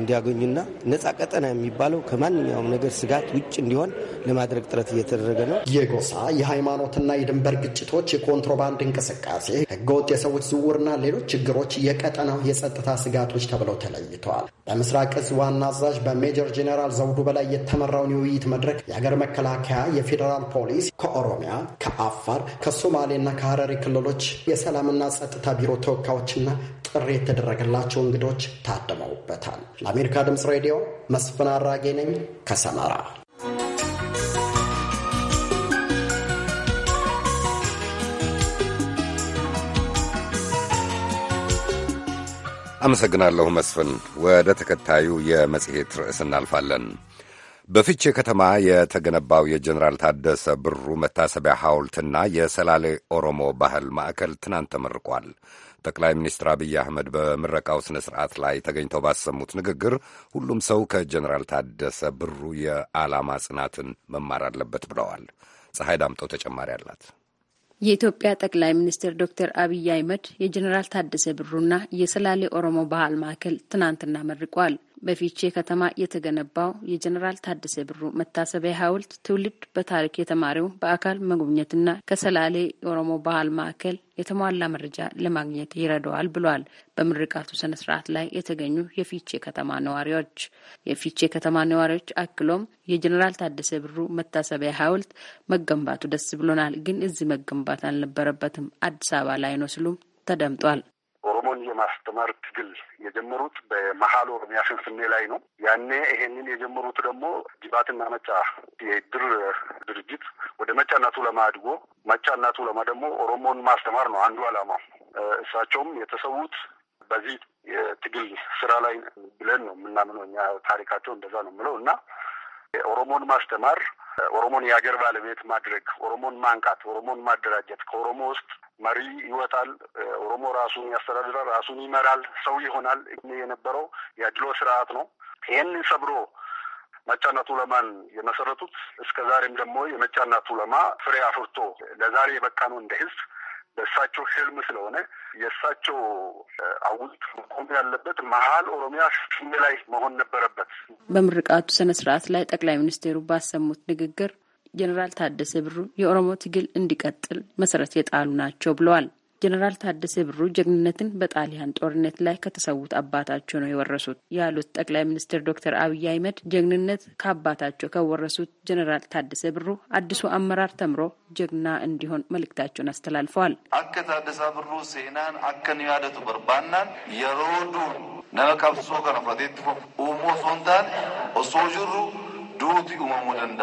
እንዲያገኙና ነጻ ቀጠና የሚባለው ከማንኛውም ነገር ስጋት ውጭ እንዲሆን ለማድረግ ጥረት እየተደረገ ነው። የጎሳ የሃይማኖትና የድንበር ግጭቶች፣ የኮንትሮባንድ እንቅስቃሴ፣ ህገወጥ የሰዎች ዝውውርና ሌሎች ችግሮች የቀጠናው የጸጥታ ስጋቶች ተብለው ተለይተዋል። በምስራቅ ቅዝ ዋና አዛዥ በሜጀር ጄኔራል ዘውዱ በላይ የተመራውን የውይይት መድረክ የሀገር መከላከያ፣ የፌዴራል ፖሊስ ከኦሮሚያ፣ ከአፋር፣ ከሶማሌና ከሀረሪ ክልሎች የሰላምና ጸጥታ ቢሮ ተወካዮችና ጥሪ የተደረገላቸው እንግዶች ታድመውበታል። ለአሜሪካ ድምፅ ሬዲዮ መስፍን አራጌ ነኝ ከሰመራ። አመሰግናለሁ መስፍን። ወደ ተከታዩ የመጽሔት ርዕስ እናልፋለን። በፍቼ ከተማ የተገነባው የጀኔራል ታደሰ ብሩ መታሰቢያ ሐውልትና የሰላሌ ኦሮሞ ባህል ማዕከል ትናንት ተመርቋል። ጠቅላይ ሚኒስትር አብይ አህመድ በምረቃው ሥነ ሥርዓት ላይ ተገኝተው ባሰሙት ንግግር ሁሉም ሰው ከጀኔራል ታደሰ ብሩ የዓላማ ጽናትን መማር አለበት ብለዋል። ፀሐይ ዳምጠው ተጨማሪ አላት። የኢትዮጵያ ጠቅላይ ሚኒስትር ዶክተር አብይ አህመድ የጀኔራል ታደሰ ብሩና የሰላሌ ኦሮሞ ባህል ማዕከል ትናንትና መርቋል። በፊቼ ከተማ የተገነባው የጀኔራል ታደሰ ብሩ መታሰቢያ ሐውልት ትውልድ በታሪክ የተማሪው በአካል መጎብኘትና ከሰላሌ የኦሮሞ ባህል ማዕከል የተሟላ መረጃ ለማግኘት ይረዳዋል ብሏል። በምርቃቱ ስነ ስርዓት ላይ የተገኙ የፊቼ ከተማ ነዋሪዎች የፊቼ ከተማ ነዋሪዎች አክሎም የጀኔራል ታደሰ ብሩ መታሰቢያ ሐውልት መገንባቱ ደስ ብሎናል፣ ግን እዚህ መገንባት አልነበረበትም አዲስ አበባ ላይ ነው ሲሉም ተደምጧል። የማስተማር ትግል የጀመሩት በመሀል ኦሮሚያ ፍንፍኔ ላይ ነው። ያኔ ይሄንን የጀመሩት ደግሞ ጅባትና መጫ የድር ድርጅት ወደ መጫና ቱለማ አድጎ መጫና ቱለማ ደግሞ ኦሮሞን ማስተማር ነው አንዱ ዓላማው። እሳቸውም የተሰዉት በዚህ የትግል ስራ ላይ ብለን ነው የምናምነው እኛ። ታሪካቸው እንደዛ ነው የምለው እና ኦሮሞን ማስተማር፣ ኦሮሞን የሀገር ባለቤት ማድረግ፣ ኦሮሞን ማንቃት፣ ኦሮሞን ማደራጀት። ከኦሮሞ ውስጥ መሪ ይወጣል። ኦሮሞ ራሱን ያስተዳድራል፣ ራሱን ይመራል፣ ሰው ይሆናል። የነበረው የአድሎ ስርዓት ነው። ይህን ሰብሮ መጫና ቱለማን የመሰረቱት እስከ ዛሬም ደግሞ የመጫና ቱለማ ፍሬ አፍርቶ ለዛሬ የበቃ ነው እንደ ህዝብ በእሳቸው ህልም ስለሆነ የእሳቸው አውልት መቆም ያለበት መሀል ኦሮሚያ ሽሜ ላይ መሆን ነበረበት። በምርቃቱ ስነ ስርዓት ላይ ጠቅላይ ሚኒስትሩ ባሰሙት ንግግር ጀኔራል ታደሰ ብሩ የኦሮሞ ትግል እንዲቀጥል መሰረት የጣሉ ናቸው ብለዋል። ጀኔራል ታደሰ ብሩ ጀግንነትን በጣሊያን ጦርነት ላይ ከተሰዉት አባታቸው ነው የወረሱት ያሉት ጠቅላይ ሚኒስትር ዶክተር አብይ አህመድ ጀግንነት ከአባታቸው ከወረሱት ጀኔራል ታደሰ ብሩ አዲሱ አመራር ተምሮ ጀግና እንዲሆን መልእክታቸውን አስተላልፈዋል። አከ ታደሰ ብሩ ሴናን አከን ያደቱ በርባናን የሮዱ ነመቀብሶ ከነፈቴት ኡሞ ሶንታን ዱቲ ኡመሙ ደንዳ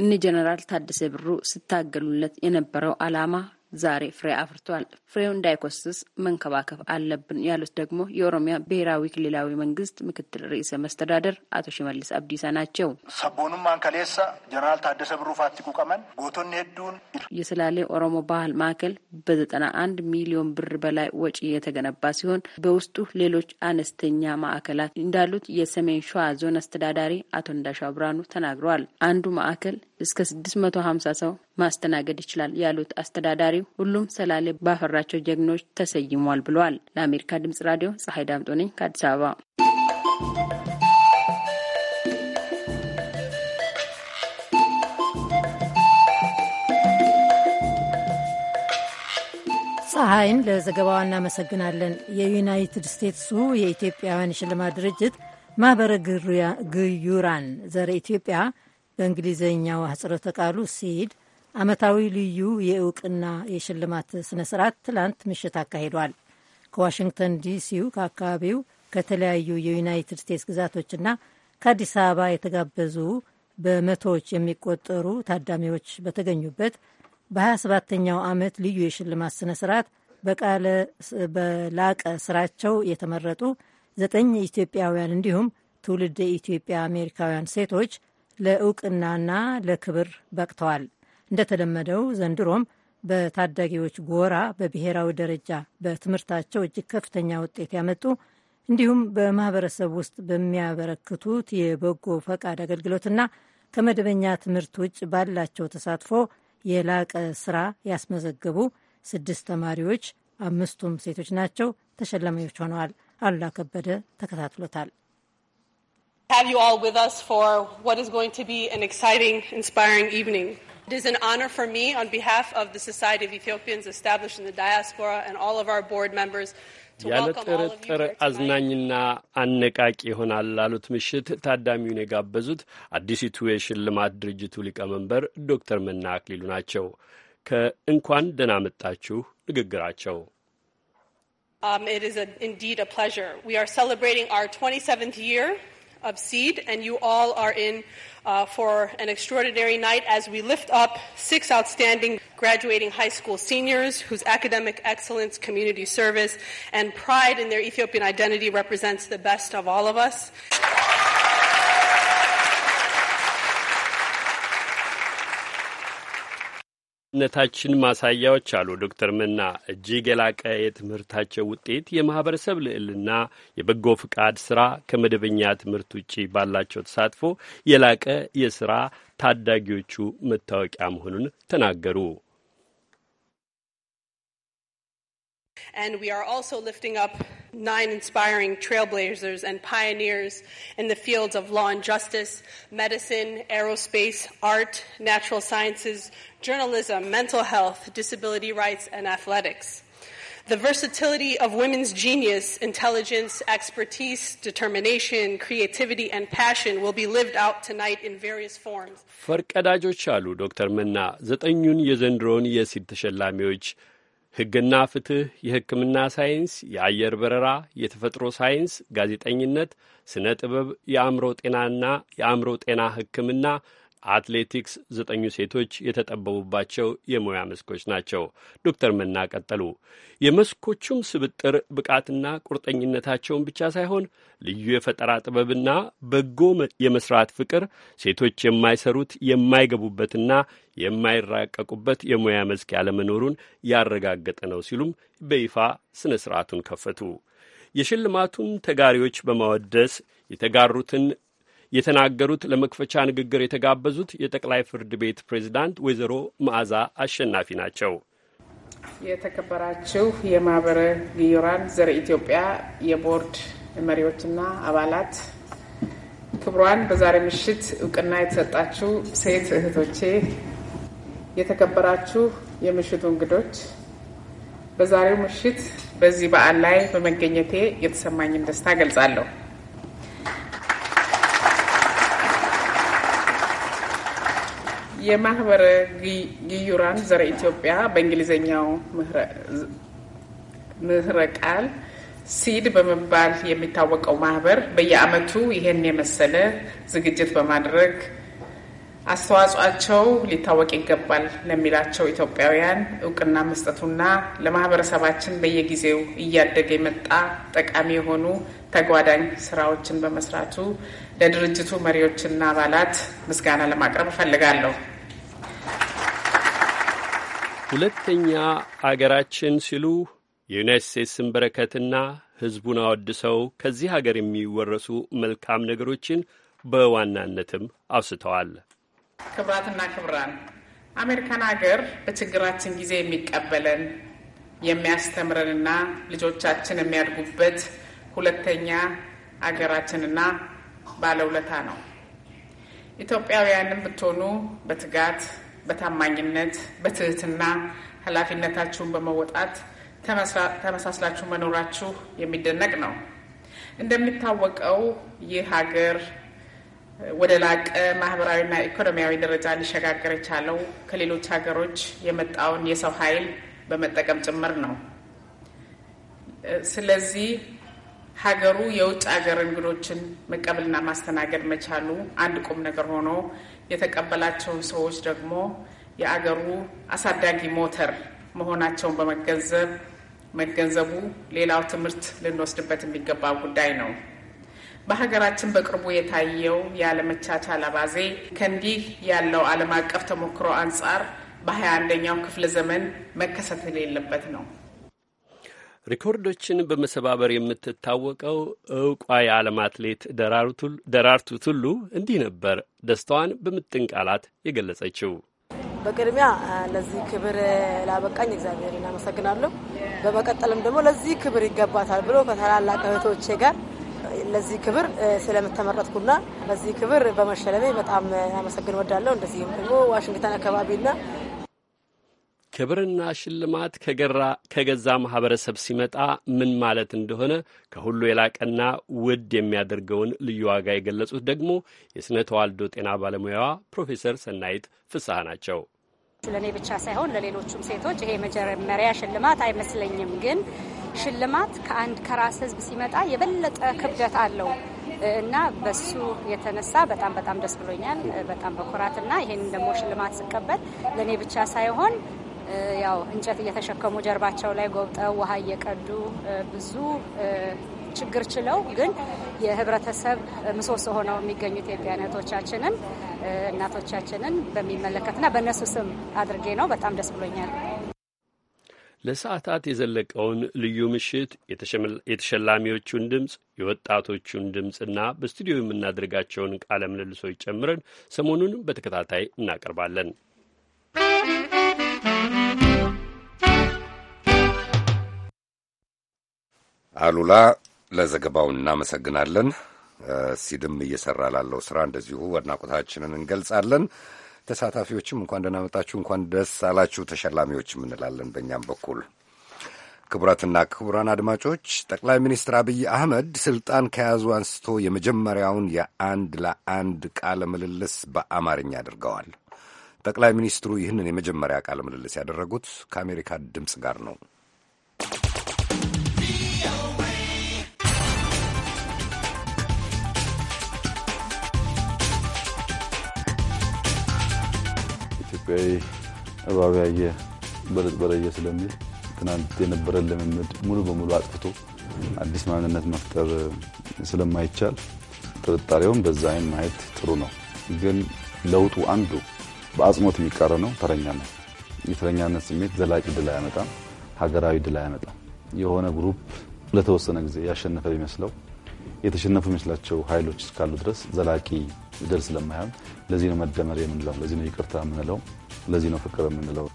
እኒ ጀነራል ታደሰ ብሩ ስታገሉለት የነበረው ዓላማ ዛሬ ፍሬ አፍርቷል። ፍሬው እንዳይኮስስ መንከባከብ አለብን ያሉት ደግሞ የኦሮሚያ ብሔራዊ ክልላዊ መንግስት ምክትል ርዕሰ መስተዳደር አቶ ሽመልስ አብዲሳ ናቸው። ሰቦኑም ማንከሌሳ ጀነራል ታደሰ ብሩፋት ቁቀመን ጎቶን ሄዱን የስላሌ ኦሮሞ ባህል ማዕከል በዘጠና አንድ ሚሊዮን ብር በላይ ወጪ የተገነባ ሲሆን በውስጡ ሌሎች አነስተኛ ማዕከላት እንዳሉት የሰሜን ሸዋ ዞን አስተዳዳሪ አቶ እንዳሻው ብርሃኑ ተናግረዋል። አንዱ ማዕከል እስከ 650 ሰው ማስተናገድ ይችላል ያሉት አስተዳዳሪው ሁሉም ሰላሌ ባፈራቸው ጀግኖች ተሰይሟል ብለዋል። ለአሜሪካ ድምጽ ራዲዮ ፀሐይ ዳምጦ ነኝ ከአዲስ አበባ። ፀሐይን ለዘገባዋ እናመሰግናለን። የዩናይትድ ስቴትሱ የኢትዮጵያውያን ሽልማት ድርጅት ማኅበረ ግዩራን ዘረ ኢትዮጵያ በእንግሊዝኛው አህጽሮተ ቃሉ ሲድ ዓመታዊ ልዩ የእውቅና የሽልማት ስነ ስርዓት ትላንት ምሽት አካሂዷል። ከዋሽንግተን ዲሲው ከአካባቢው ከተለያዩ የዩናይትድ ስቴትስ ግዛቶችና ከአዲስ አበባ የተጋበዙ በመቶዎች የሚቆጠሩ ታዳሚዎች በተገኙበት በ 27 ተኛው ዓመት ልዩ የሽልማት ስነ ስርዓት በላቀ ስራቸው የተመረጡ ዘጠኝ ኢትዮጵያውያን እንዲሁም ትውልድ የኢትዮጵያ አሜሪካውያን ሴቶች ለእውቅናና ለክብር በቅተዋል። እንደተለመደው ዘንድሮም በታዳጊዎች ጎራ በብሔራዊ ደረጃ በትምህርታቸው እጅግ ከፍተኛ ውጤት ያመጡ እንዲሁም በማህበረሰብ ውስጥ በሚያበረክቱት የበጎ ፈቃድ አገልግሎትና ከመደበኛ ትምህርት ውጭ ባላቸው ተሳትፎ የላቀ ስራ ያስመዘገቡ ስድስት ተማሪዎች፣ አምስቱም ሴቶች ናቸው፣ ተሸላሚዎች ሆነዋል። አሉላ ከበደ ተከታትሎታል። have you all with us for what is going to be an exciting, inspiring evening. It is an honor for me, on behalf of the Society of Ethiopians established in the diaspora and all of our board members, to welcome አዝናኝና አነቃቂ ይሆናል ላሉት ምሽት ታዳሚውን የጋበዙት አዲሲቱ የሽልማት ድርጅቱ ሊቀመንበር ዶክተር መና አክሊሉ ናቸው። ከእንኳን ደህና መጣችሁ ንግግራቸው um, it is a, indeed a pleasure. We are celebrating our 27th year of seed, and you all are in uh, for an extraordinary night as we lift up six outstanding graduating high school seniors whose academic excellence, community service, and pride in their Ethiopian identity represents the best of all of us. ነታችን ማሳያዎች አሉ ዶክተር መና እጅግ የላቀ የትምህርታቸው ውጤት የማህበረሰብ ልዕልና፣ የበጎ ፍቃድ ስራ ከመደበኛ ትምህርት ውጪ ባላቸው ተሳትፎ የላቀ የስራ ታዳጊዎቹ መታወቂያ መሆኑን ተናገሩ። And we are also lifting up nine inspiring trailblazers and pioneers in the fields of law and justice, medicine, aerospace, art, natural sciences, journalism, mental health, disability rights, and athletics. The versatility of women's genius, intelligence, expertise, determination, creativity, and passion will be lived out tonight in various forms. ፈርቀዳጆች አሉ ዶክተር መና ዘጠኙን የዘንድሮውን የሲድ ተሸላሚዎች ሕግና ፍትህ፣ የሕክምና ሳይንስ፣ የአየር በረራ፣ የተፈጥሮ ሳይንስ፣ ጋዜጠኝነት፣ ስነ ጥበብ፣ የአእምሮ ጤናና የአእምሮ ጤና ሕክምና አትሌቲክስ ዘጠኙ ሴቶች የተጠበቡባቸው የሙያ መስኮች ናቸው። ዶክተር መና ቀጠሉ የመስኮቹም ስብጥር ብቃትና ቁርጠኝነታቸውን ብቻ ሳይሆን ልዩ የፈጠራ ጥበብና በጎ የመስራት ፍቅር ሴቶች የማይሰሩት የማይገቡበትና የማይራቀቁበት የሙያ መስክ ያለመኖሩን ያረጋገጠ ነው ሲሉም በይፋ ስነ ስርዓቱን ከፈቱ። የሽልማቱን ተጋሪዎች በማወደስ የተጋሩትን የተናገሩት ለመክፈቻ ንግግር የተጋበዙት የጠቅላይ ፍርድ ቤት ፕሬዚዳንት ወይዘሮ መዓዛ አሸናፊ ናቸው። የተከበራችሁ የማህበረ ጊዮራን ዘር ኢትዮጵያ የቦርድ መሪዎችና አባላት፣ ክብሯን በዛሬ ምሽት እውቅና የተሰጣችሁ ሴት እህቶቼ፣ የተከበራችሁ የምሽቱ እንግዶች፣ በዛሬው ምሽት በዚህ በዓል ላይ በመገኘቴ የተሰማኝን ደስታ ገልጻለሁ። የማህበረ ግዩራን ዘረ ኢትዮጵያ በእንግሊዝኛው ምህረ ቃል ሲድ በመባል የሚታወቀው ማህበር በየአመቱ ይህን የመሰለ ዝግጅት በማድረግ አስተዋጽኦአቸው ሊታወቅ ይገባል ለሚላቸው ኢትዮጵያውያን እውቅና መስጠቱና ለማህበረሰባችን በየጊዜው እያደገ የመጣ ጠቃሚ የሆኑ ተጓዳኝ ስራዎችን በመስራቱ ለድርጅቱ መሪዎችና አባላት ምስጋና ለማቅረብ እፈልጋለሁ። ሁለተኛ አገራችን ሲሉ የዩናይት ስቴትስን በረከትና ሕዝቡን አወድሰው ከዚህ አገር የሚወረሱ መልካም ነገሮችን በዋናነትም አውስተዋል። ክብራትና ክብራን አሜሪካን ሀገር በችግራችን ጊዜ የሚቀበለን የሚያስተምረንና ልጆቻችን የሚያድጉበት ሁለተኛ አገራችንና ባለውለታ ነው። ኢትዮጵያውያንም ብትሆኑ በትጋት በታማኝነት፣ በትህትና ኃላፊነታችሁን በመወጣት ተመሳስላችሁ መኖራችሁ የሚደነቅ ነው። እንደሚታወቀው ይህ ሀገር ወደ ላቀ ማህበራዊና ኢኮኖሚያዊ ደረጃ ሊሸጋገር የቻለው ከሌሎች ሀገሮች የመጣውን የሰው ኃይል በመጠቀም ጭምር ነው። ስለዚህ ሀገሩ የውጭ ሀገር እንግዶችን መቀበልና ማስተናገድ መቻሉ አንድ ቁም ነገር ሆኖ የተቀበላቸውን ሰዎች ደግሞ የአገሩ አሳዳጊ ሞተር መሆናቸውን በመገንዘብ መገንዘቡ ሌላው ትምህርት ልንወስድበት የሚገባው ጉዳይ ነው። በሀገራችን በቅርቡ የታየው ያለመቻቻል አባዜ ከእንዲህ ያለው ዓለም አቀፍ ተሞክሮ አንጻር በ21ኛው ክፍለ ዘመን መከሰት የሌለበት ነው። ሪኮርዶችን በመሰባበር የምትታወቀው እውቋ የዓለም አትሌት ደራርቱ ቱሉ እንዲህ ነበር ደስታዋን በምጥን ቃላት የገለጸችው። በቅድሚያ ለዚህ ክብር ላበቃኝ እግዚአብሔር እናመሰግናለሁ። በመቀጠልም ደግሞ ለዚህ ክብር ይገባታል ብሎ ከታላላቅ እህቶቼ ጋር ለዚህ ክብር ስለምተመረጥኩና በዚህ ክብር በመሸለሜ በጣም አመሰግን ወዳለሁ። እንደዚህም ደግሞ ዋሽንግተን አካባቢና ክብርና ሽልማት ከገዛ ማህበረሰብ ሲመጣ ምን ማለት እንደሆነ ከሁሉ የላቀና ውድ የሚያደርገውን ልዩ ዋጋ የገለጹት ደግሞ የሥነ ተዋልዶ ጤና ባለሙያዋ ፕሮፌሰር ሰናይት ፍስሐ ናቸው። ለእኔ ብቻ ሳይሆን ለሌሎቹም ሴቶች ይሄ መጀመሪያ ሽልማት አይመስለኝም ግን ሽልማት ከአንድ ከራስ ህዝብ ሲመጣ የበለጠ ክብደት አለው እና በሱ የተነሳ በጣም በጣም ደስ ብሎኛል። በጣም እና ይሄንን ደግሞ ሽልማት ስቀበል ለእኔ ብቻ ሳይሆን ያው እንጨት እየተሸከሙ ጀርባቸው ላይ ጎብጠው ውሃ እየቀዱ ብዙ ችግር ችለው ግን የህብረተሰብ ምሰሶ ሆነው የሚገኙ ኢትዮጵያውያን እህቶቻችንን እናቶቻችንን በሚመለከትና በእነሱ ስም አድርጌ ነው። በጣም ደስ ብሎኛል። ለሰዓታት የዘለቀውን ልዩ ምሽት የተሸላሚዎቹን ድምፅ የወጣቶቹን ድምፅና በስቱዲዮ የምናደርጋቸውን ቃለ ምልልሶች ጨምረን ሰሞኑን በተከታታይ እናቀርባለን። አሉላ ለዘገባው እናመሰግናለን። ሲድም እየሰራ ላለው ስራ እንደዚሁ አድናቆታችንን እንገልጻለን። ተሳታፊዎችም እንኳን ደህና መጣችሁ፣ እንኳን ደስ አላችሁ ተሸላሚዎችም እንላለን በእኛም በኩል። ክቡራትና ክቡራን አድማጮች ጠቅላይ ሚኒስትር አብይ አህመድ ስልጣን ከያዙ አንስቶ የመጀመሪያውን የአንድ ለአንድ ቃለ ምልልስ በአማርኛ አድርገዋል። ጠቅላይ ሚኒስትሩ ይህንን የመጀመሪያ ቃለ ምልልስ ያደረጉት ከአሜሪካ ድምፅ ጋር ነው። ኢትዮጵያዊ እባብ ያየ በለጥ በለየ ስለሚል ትናንት የነበረ ልምምድ ሙሉ በሙሉ አጥፍቶ አዲስ ማንነት መፍጠር ስለማይቻል ጥርጣሬውን በዛ አይን ማየት ጥሩ ነው። ግን ለውጡ አንዱ በአጽንኦት የሚቃረነው ተረኛ ነው። የተረኛነት ስሜት ዘላቂ ድል አያመጣም፣ ሀገራዊ ድል አያመጣም። የሆነ ግሩፕ ለተወሰነ ጊዜ ያሸነፈ ቢመስለው የተሸነፉ ይመስላቸው ኃይሎች እስካሉ ድረስ ዘላቂ ድል ስለማያም ለዚህ ነው መደመር የምንለው፣ ለዚህ ነው ይቅርታ የምንለው። ለዚህ ነው ፍቅር የምንለው።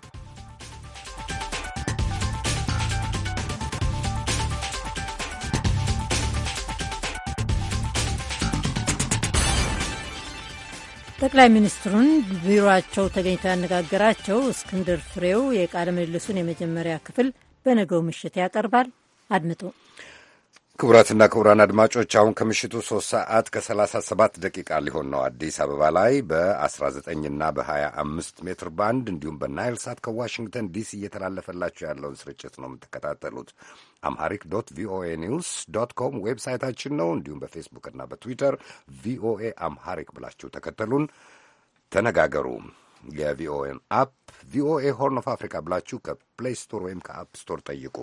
ጠቅላይ ሚኒስትሩን ቢሮቸው ተገኝቶ ያነጋገራቸው እስክንድር ፍሬው የቃለ ምልልሱን የመጀመሪያ ክፍል በነገው ምሽት ያቀርባል። አድምጡ። ክቡራትና ክቡራን አድማጮች አሁን ከምሽቱ ሶስት ሰዓት ከ ሰባት ደቂቃ ሊሆን ነው። አዲስ አበባ ላይ በ19 እና በ25 ሜትር ባንድ እንዲሁም በናይል ሳት ከዋሽንግተን ዲሲ እየተላለፈላችሁ ያለውን ስርጭት ነው የምትከታተሉት። አምሃሪክ ዶት ቪኦኤ ኒውስ ዶት ኮም ዌብሳይታችን ነው። እንዲሁም በፌስቡክ እና በትዊተር ቪኦኤ አምሃሪክ ብላችሁ ተከተሉን፣ ተነጋገሩ። የቪኦኤን አፕ ቪኦኤ ሆርን ኦፍ አፍሪካ ብላችሁ ከፕሌይ ስቶር ወይም ከአፕ ስቶር ጠይቁ።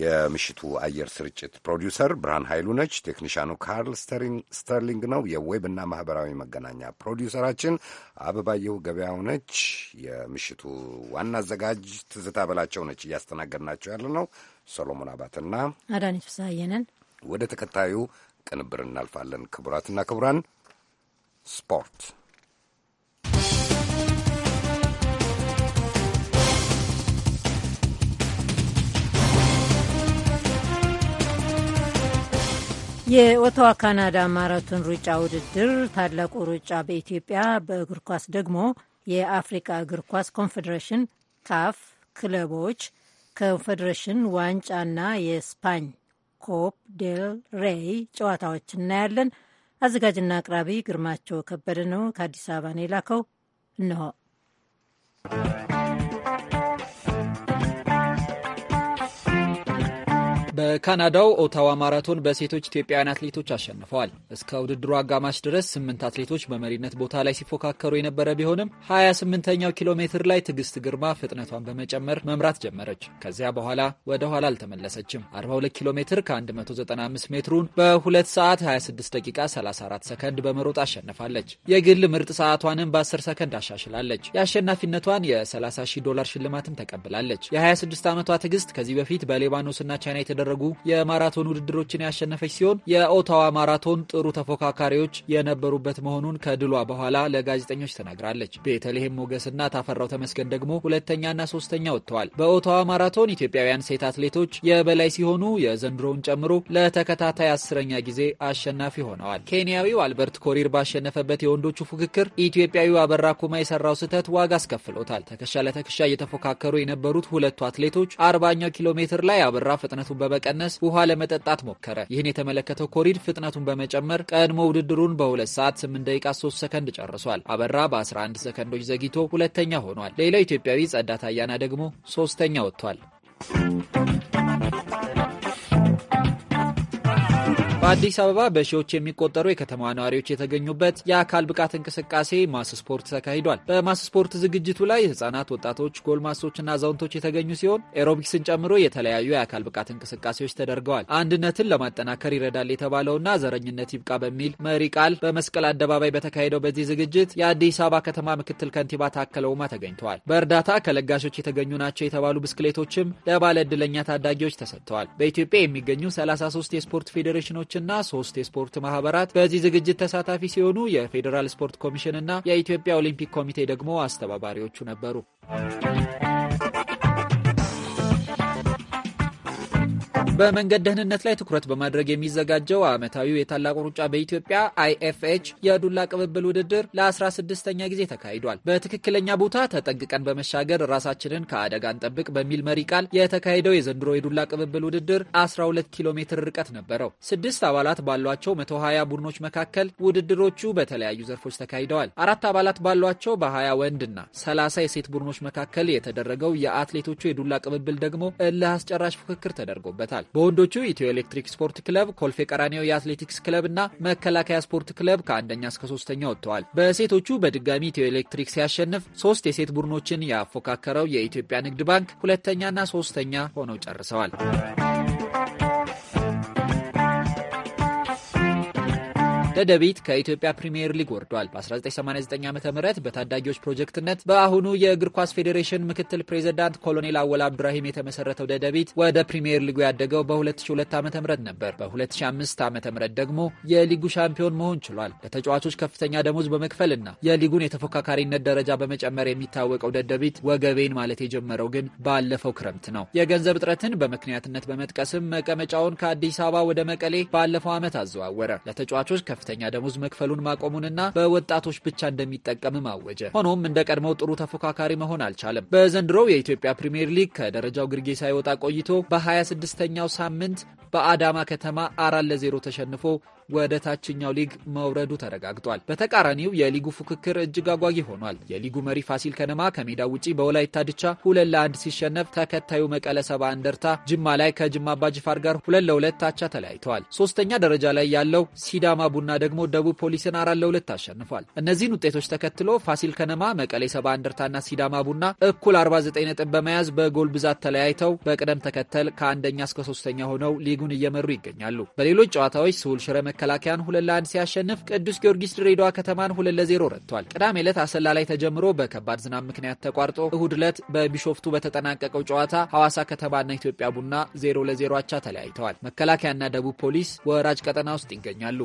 የምሽቱ አየር ስርጭት ፕሮዲውሰር ብርሃን ኃይሉ ነች። ቴክኒሻኑ ካርል ስተርሊንግ ነው። የዌብ እና ማህበራዊ መገናኛ ፕሮዲውሰራችን አበባየሁ ገበያው ነች። የምሽቱ ዋና አዘጋጅ ትዝታ በላቸው ነች። እያስተናገድናቸው ያለ ነው ሰሎሞን አባትና አዳነች ፍስሐየነን። ወደ ተከታዩ ቅንብር እናልፋለን። ክቡራትና ክቡራን ስፖርት የኦቶዋ ካናዳ ማራቶን ሩጫ ውድድር ታላቁ ሩጫ በኢትዮጵያ በእግር ኳስ ደግሞ የአፍሪካ እግር ኳስ ኮንፌዴሬሽን ካፍ ክለቦች ኮንፌዴሬሽን ዋንጫና የስፓኝ ኮፕ ዴል ሬይ ጨዋታዎች እናያለን። አዘጋጅና አቅራቢ ግርማቸው ከበደ ነው። ከአዲስ አበባ ነው የላከው። እንሆ በካናዳው ኦታዋ ማራቶን በሴቶች ኢትዮጵያውያን አትሌቶች አሸንፈዋል። እስከ ውድድሩ አጋማሽ ድረስ ስምንት አትሌቶች በመሪነት ቦታ ላይ ሲፎካከሩ የነበረ ቢሆንም 28ኛው ኪሎ ሜትር ላይ ትዕግስት ግርማ ፍጥነቷን በመጨመር መምራት ጀመረች። ከዚያ በኋላ ወደ ኋላ አልተመለሰችም። 42 ኪሎ ሜትር ከ195 ሜትሩን በ2 ሰዓት 26 ደቂቃ 34 ሰከንድ በመሮጥ አሸንፋለች። የግል ምርጥ ሰዓቷንም በ10 ሰከንድ አሻሽላለች። የአሸናፊነቷን የ30 ሺህ ዶላር ሽልማትም ተቀብላለች። የ26 ዓመቷ ትዕግስት ከዚህ በፊት በሌባኖስና ቻይና የተደ የተደረጉ የማራቶን ውድድሮችን ያሸነፈች ሲሆን የኦታዋ ማራቶን ጥሩ ተፎካካሪዎች የነበሩበት መሆኑን ከድሏ በኋላ ለጋዜጠኞች ተናግራለች። ቤተልሔም ሞገስና ታፈራው ተመስገን ደግሞ ሁለተኛና ሶስተኛ ወጥተዋል። በኦታዋ ማራቶን ኢትዮጵያውያን ሴት አትሌቶች የበላይ ሲሆኑ የዘንድሮውን ጨምሮ ለተከታታይ አስረኛ ጊዜ አሸናፊ ሆነዋል። ኬንያዊው አልበርት ኮሪር ባሸነፈበት የወንዶቹ ፉክክር ኢትዮጵያዊው አበራ ኩማ የሰራው ስህተት ዋጋ አስከፍሎታል። ተከሻ ለተከሻ እየተፎካከሩ የነበሩት ሁለቱ አትሌቶች አርባኛው ኪሎ ሜትር ላይ አበራ ፍጥነቱን በመቀነስ ውሃ ለመጠጣት ሞከረ። ይህን የተመለከተው ኮሪድ ፍጥነቱን በመጨመር ቀድሞ ውድድሩን በ2 ሰዓት 8 ደቂቃ 3 ሰከንድ ጨርሷል። አበራ በ11 ሰከንዶች ዘግይቶ ሁለተኛ ሆኗል። ሌላው ኢትዮጵያዊ ጸዳት አያና ደግሞ ሶስተኛ ወጥቷል። አዲስ አበባ በሺዎች የሚቆጠሩ የከተማ ነዋሪዎች የተገኙበት የአካል ብቃት እንቅስቃሴ ማስ ስፖርት ተካሂዷል። በማስ ስፖርት ዝግጅቱ ላይ ህጻናት፣ ወጣቶች፣ ጎልማሶችና አዛውንቶች የተገኙ ሲሆን ኤሮቢክስን ጨምሮ የተለያዩ የአካል ብቃት እንቅስቃሴዎች ተደርገዋል። አንድነትን ለማጠናከር ይረዳል የተባለውና ዘረኝነት ይብቃ በሚል መሪ ቃል በመስቀል አደባባይ በተካሄደው በዚህ ዝግጅት የአዲስ አበባ ከተማ ምክትል ከንቲባ ታከለ ኡማ ተገኝተዋል። በእርዳታ ከለጋሾች የተገኙ ናቸው የተባሉ ብስክሌቶችም ለባለ ዕድለኛ ታዳጊዎች ተሰጥተዋል። በኢትዮጵያ የሚገኙ 33 የስፖርት ፌዴሬሽኖችን እና ሶስት የስፖርት ማህበራት በዚህ ዝግጅት ተሳታፊ ሲሆኑ የፌዴራል ስፖርት ኮሚሽን እና የኢትዮጵያ ኦሊምፒክ ኮሚቴ ደግሞ አስተባባሪዎቹ ነበሩ። በመንገድ ደህንነት ላይ ትኩረት በማድረግ የሚዘጋጀው ዓመታዊው የታላቁ ሩጫ በኢትዮጵያ አይኤፍኤች የዱላ ቅብብል ውድድር ለ16ኛ ጊዜ ተካሂዷል። በትክክለኛ ቦታ ተጠንቅቀን በመሻገር ራሳችንን ከአደጋ እንጠብቅ በሚል መሪ ቃል የተካሄደው የዘንድሮ የዱላ ቅብብል ውድድር 12 ኪሎ ሜትር ርቀት ነበረው። ስድስት አባላት ባሏቸው 120 ቡድኖች መካከል ውድድሮቹ በተለያዩ ዘርፎች ተካሂደዋል። አራት አባላት ባሏቸው በ20 ወንድና 30 የሴት ቡድኖች መካከል የተደረገው የአትሌቶቹ የዱላ ቅብብል ደግሞ እልህ አስጨራሽ ፉክክር ተደርጎበታል። ይገኛል። በወንዶቹ ኢትዮ ኤሌክትሪክ ስፖርት ክለብ፣ ኮልፌ ቀራኒዮ የአትሌቲክስ ክለብ እና መከላከያ ስፖርት ክለብ ከአንደኛ እስከ ሶስተኛ ወጥተዋል። በሴቶቹ በድጋሚ ኢትዮ ኤሌክትሪክ ሲያሸንፍ ሶስት የሴት ቡድኖችን ያፎካከረው የኢትዮጵያ ንግድ ባንክ ሁለተኛና ሶስተኛ ሆነው ጨርሰዋል። ደደቢት ከኢትዮጵያ ፕሪምየር ሊግ ወርዷል። በ1989 ዓ ም በታዳጊዎች ፕሮጀክትነት በአሁኑ የእግር ኳስ ፌዴሬሽን ምክትል ፕሬዚዳንት ኮሎኔል አወል አብዱራሂም የተመሰረተው ደደቢት ወደ ፕሪምየር ሊጉ ያደገው በ2002 ዓ ም ነበር። በ2005 ዓ ም ደግሞ የሊጉ ሻምፒዮን መሆን ችሏል። ለተጫዋቾች ከፍተኛ ደሞዝ በመክፈልና የሊጉን የተፎካካሪነት ደረጃ በመጨመር የሚታወቀው ደደቢት ወገቤን ማለት የጀመረው ግን ባለፈው ክረምት ነው። የገንዘብ እጥረትን በምክንያትነት በመጥቀስም መቀመጫውን ከአዲስ አበባ ወደ መቀሌ ባለፈው ዓመት አዘዋወረ። ለተጫዋቾች ከፍተኛ ደሞዝ መክፈሉን ማቆሙንና በወጣቶች ብቻ እንደሚጠቀምም አወጀ። ሆኖም እንደ ቀድሞው ጥሩ ተፎካካሪ መሆን አልቻለም። በዘንድሮው የኢትዮጵያ ፕሪምየር ሊግ ከደረጃው ግርጌ ሳይወጣ ቆይቶ በ26ኛው ሳምንት በአዳማ ከተማ አራት ለዜሮ ተሸንፎ ወደ ታችኛው ሊግ መውረዱ ተረጋግጧል። በተቃራኒው የሊጉ ፉክክር እጅግ አጓጊ ሆኗል። የሊጉ መሪ ፋሲል ከነማ ከሜዳ ውጪ በወላይታ ድቻ ሁለት ለአንድ ሲሸነፍ፣ ተከታዩ መቀለ ሰባ እንደርታ ጅማ ላይ ከጅማ አባጅፋር ጋር ሁለት ለሁለት አቻ ተለያይተዋል። ሶስተኛ ደረጃ ላይ ያለው ሲዳማ ቡና ደግሞ ደቡብ ፖሊስን አራት ለሁለት አሸንፏል። እነዚህን ውጤቶች ተከትሎ ፋሲል ከነማ፣ መቀሌ ሰባ እንደርታና ሲዳማ ቡና እኩል 49 ነጥብ በመያዝ በጎል ብዛት ተለያይተው በቅደም ተከተል ከአንደኛ እስከ ሶስተኛ ሆነው ሊጉን እየመሩ ይገኛሉ። በሌሎች ጨዋታዎች ስውል ሽረ መከላከያን ሁለት ለአንድ ሲያሸንፍ ቅዱስ ጊዮርጊስ ድሬዳዋ ከተማን ሁለት ለዜሮ ረትቷል። ቅዳሜ ዕለት አሰላ ላይ ተጀምሮ በከባድ ዝናብ ምክንያት ተቋርጦ እሁድ ዕለት በቢሾፍቱ በተጠናቀቀው ጨዋታ ሐዋሳ ከተማና ኢትዮጵያ ቡና ዜሮ ለዜሮ አቻ ተለያይተዋል። መከላከያና ደቡብ ፖሊስ ወራጅ ቀጠና ውስጥ ይገኛሉ።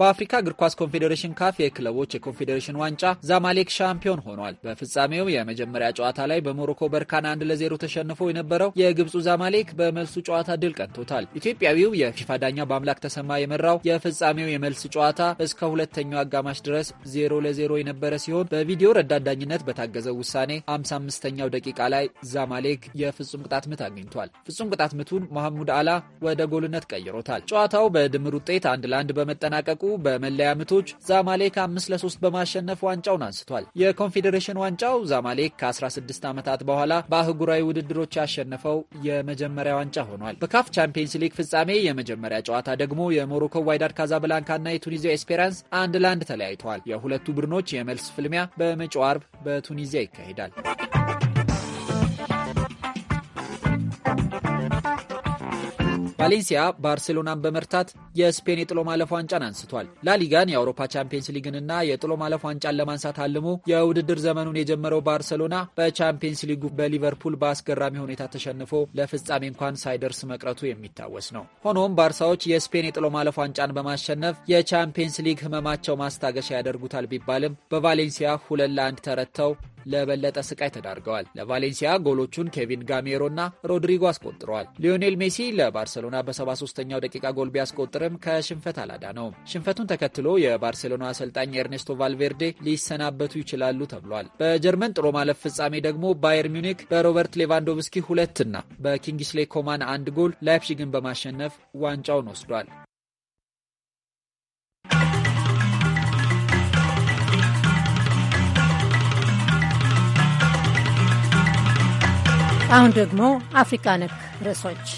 በአፍሪካ እግር ኳስ ኮንፌዴሬሽን ካፍ የክለቦች የኮንፌዴሬሽን ዋንጫ ዛማሌክ ሻምፒዮን ሆኗል። በፍጻሜው የመጀመሪያ ጨዋታ ላይ በሞሮኮ በርካና አንድ ለዜሮ ተሸንፎ የነበረው የግብፁ ዛማሌክ በመልሱ ጨዋታ ድል ቀንቶታል። ኢትዮጵያዊው የፊፋ ዳኛ በአምላክ ተሰማ የመራው የፍጻሜው የመልስ ጨዋታ እስከ ሁለተኛው አጋማሽ ድረስ ዜሮ ለዜሮ የነበረ ሲሆን በቪዲዮ ረዳት ዳኝነት በታገዘው ውሳኔ 55ኛው ደቂቃ ላይ ዛማሌክ የፍጹም ቅጣት ምት አግኝቷል። ፍጹም ቅጣት ምቱን መሐሙድ አላ ወደ ጎልነት ቀይሮታል። ጨዋታው በድምር ውጤት አንድ ለአንድ በመጠናቀቁ በመለያ ምቶች ዛማሌክ አምስት ለሶስት በማሸነፍ ዋንጫውን አንስቷል። የኮንፌዴሬሽን ዋንጫው ዛማሌክ ከ16 ዓመታት በኋላ በአህጉራዊ ውድድሮች ያሸነፈው የመጀመሪያ ዋንጫ ሆኗል። በካፍ ቻምፒየንስ ሊግ ፍጻሜ የመጀመሪያ ጨዋታ ደግሞ የሞሮኮ ዋይዳድ ካዛብላንካና የቱኒዚያ ኤስፔራንስ አንድ ለአንድ ተለያይተዋል። የሁለቱ ቡድኖች የመልስ ፍልሚያ በመጪው አርብ በቱኒዚያ ይካሄዳል። ቫሌንሲያ ባርሴሎናን በመርታት የስፔን የጥሎ ማለፍ ዋንጫን አንስቷል። ላሊጋን፣ የአውሮፓ ቻምፒየንስ ሊግንና የጥሎ ማለፍ ዋንጫን ለማንሳት አልሞ የውድድር ዘመኑን የጀመረው ባርሴሎና በቻምፒየንስ ሊጉ በሊቨርፑል በአስገራሚ ሁኔታ ተሸንፎ ለፍጻሜ እንኳን ሳይደርስ መቅረቱ የሚታወስ ነው። ሆኖም ባርሳዎች የስፔን የጥሎ ማለፍ ዋንጫን በማሸነፍ የቻምፒየንስ ሊግ ህመማቸው ማስታገሻ ያደርጉታል ቢባልም በቫሌንሲያ ሁለት ለአንድ ተረተው ለበለጠ ስቃይ ተዳርገዋል። ለቫሌንሲያ ጎሎቹን ኬቪን ጋሜሮና ሮድሪጎ አስቆጥረዋል። ሊዮኔል ሜሲ ለባርሴሎና በ73ኛው ደቂቃ ጎል ቢያስቆጥርም ከሽንፈት አላዳ ነው። ሽንፈቱን ተከትሎ የባርሴሎና አሰልጣኝ ኤርኔስቶ ቫልቬርዴ ሊሰናበቱ ይችላሉ ተብሏል። በጀርመን ጥሎ ማለፍ ፍጻሜ ደግሞ ባየር ሚኒክ በሮበርት ሌቫንዶቭስኪ ሁለትና በኪንግስሌ ኮማን አንድ ጎል ላይፕሺግን በማሸነፍ ዋንጫውን ወስዷል። አሁን ደግሞ አፍሪካ ነክ ርዕሶች።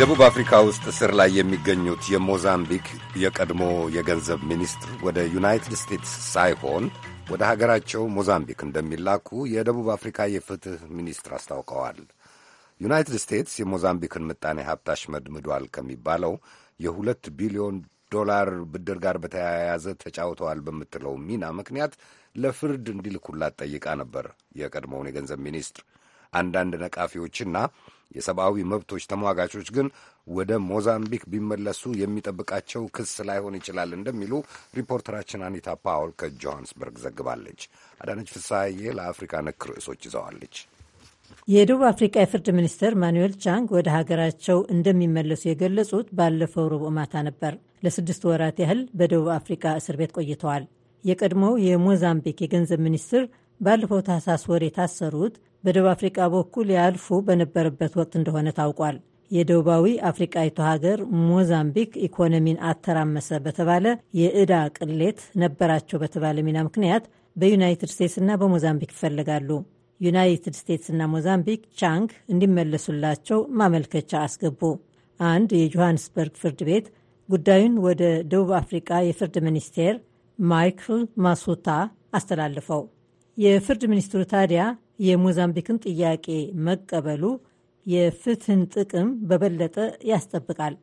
ደቡብ አፍሪካ ውስጥ እስር ላይ የሚገኙት የሞዛምቢክ የቀድሞ የገንዘብ ሚኒስትር ወደ ዩናይትድ ስቴትስ ሳይሆን ወደ ሀገራቸው ሞዛምቢክ እንደሚላኩ የደቡብ አፍሪካ የፍትህ ሚኒስትር አስታውቀዋል። ዩናይትድ ስቴትስ የሞዛምቢክን ምጣኔ ሀብት አሽመድምዷል ከሚባለው የሁለት ቢሊዮን ዶላር ብድር ጋር በተያያዘ ተጫውተዋል በምትለው ሚና ምክንያት ለፍርድ እንዲልኩላት ጠይቃ ነበር። የቀድሞውን የገንዘብ ሚኒስትር አንዳንድ ነቃፊዎችና የሰብአዊ መብቶች ተሟጋቾች ግን ወደ ሞዛምቢክ ቢመለሱ የሚጠብቃቸው ክስ ላይሆን ይችላል እንደሚሉ ሪፖርተራችን አኒታ ፓውል ከጆሃንስበርግ ዘግባለች። አዳነች ፍሳሐዬ ለአፍሪካ ነክ ርዕሶች ይዘዋለች። የደቡብ አፍሪካ የፍርድ ሚኒስትር ማኑዌል ቻንግ ወደ ሀገራቸው እንደሚመለሱ የገለጹት ባለፈው ረቡዕ ማታ ነበር። ለስድስት ወራት ያህል በደቡብ አፍሪካ እስር ቤት ቆይተዋል። የቀድሞው የሞዛምቢክ የገንዘብ ሚኒስትር ባለፈው ታህሳስ ወር የታሰሩት በደቡብ አፍሪቃ በኩል ያልፉ በነበረበት ወቅት እንደሆነ ታውቋል። የደቡባዊ አፍሪቃዊቱ ሀገር ሞዛምቢክ ኢኮኖሚን አተራመሰ በተባለ የዕዳ ቅሌት ነበራቸው በተባለ ሚና ምክንያት በዩናይትድ ስቴትስና በሞዛምቢክ ይፈለጋሉ። ዩናይትድ ስቴትስና ሞዛምቢክ ቻንግ እንዲመለሱላቸው ማመልከቻ አስገቡ። አንድ የጆሃንስበርግ ፍርድ ቤት ጉዳዩን ወደ ደቡብ አፍሪቃ የፍርድ ሚኒስቴር ማይክል ማሱታ አስተላልፈው የፍርድ ሚኒስትሩ ታዲያ የሞዛምቢክን ጥያቄ መቀበሉ የፍትህን ጥቅም በበለጠ ያስጠብቃል፣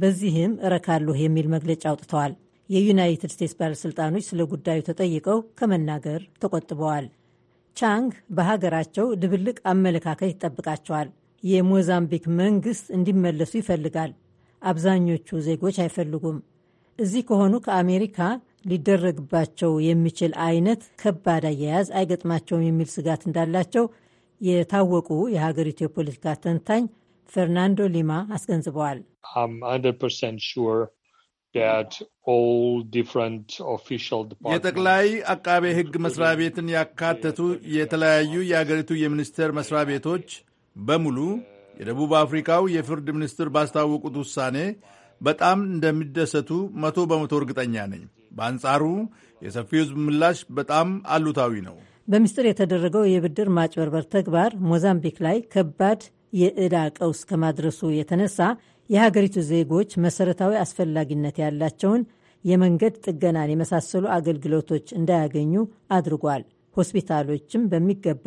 በዚህም እረካለሁ የሚል መግለጫ አውጥተዋል። የዩናይትድ ስቴትስ ባለሥልጣኖች ስለ ጉዳዩ ተጠይቀው ከመናገር ተቆጥበዋል። ቻንግ በሀገራቸው ድብልቅ አመለካከት ይጠብቃቸዋል። የሞዛምቢክ መንግሥት እንዲመለሱ ይፈልጋል። አብዛኞቹ ዜጎች አይፈልጉም። እዚህ ከሆኑ ከአሜሪካ ሊደረግባቸው የሚችል አይነት ከባድ አያያዝ አይገጥማቸውም የሚል ስጋት እንዳላቸው የታወቁ የሀገሪቱ የፖለቲካ ተንታኝ ፈርናንዶ ሊማ አስገንዝበዋል። የጠቅላይ አቃቤ ሕግ መስሪያ ቤትን ያካተቱ የተለያዩ የአገሪቱ የሚኒስቴር መስሪያ ቤቶች በሙሉ የደቡብ አፍሪካው የፍርድ ሚኒስትር ባስታወቁት ውሳኔ በጣም እንደሚደሰቱ መቶ በመቶ እርግጠኛ ነኝ። በአንጻሩ የሰፊው ሕዝብ ምላሽ በጣም አሉታዊ ነው። በምስጢር የተደረገው የብድር ማጭበርበር ተግባር ሞዛምቢክ ላይ ከባድ የዕዳ ቀውስ ከማድረሱ የተነሳ የሀገሪቱ ዜጎች መሰረታዊ አስፈላጊነት ያላቸውን የመንገድ ጥገናን የመሳሰሉ አገልግሎቶች እንዳያገኙ አድርጓል። ሆስፒታሎችም በሚገባ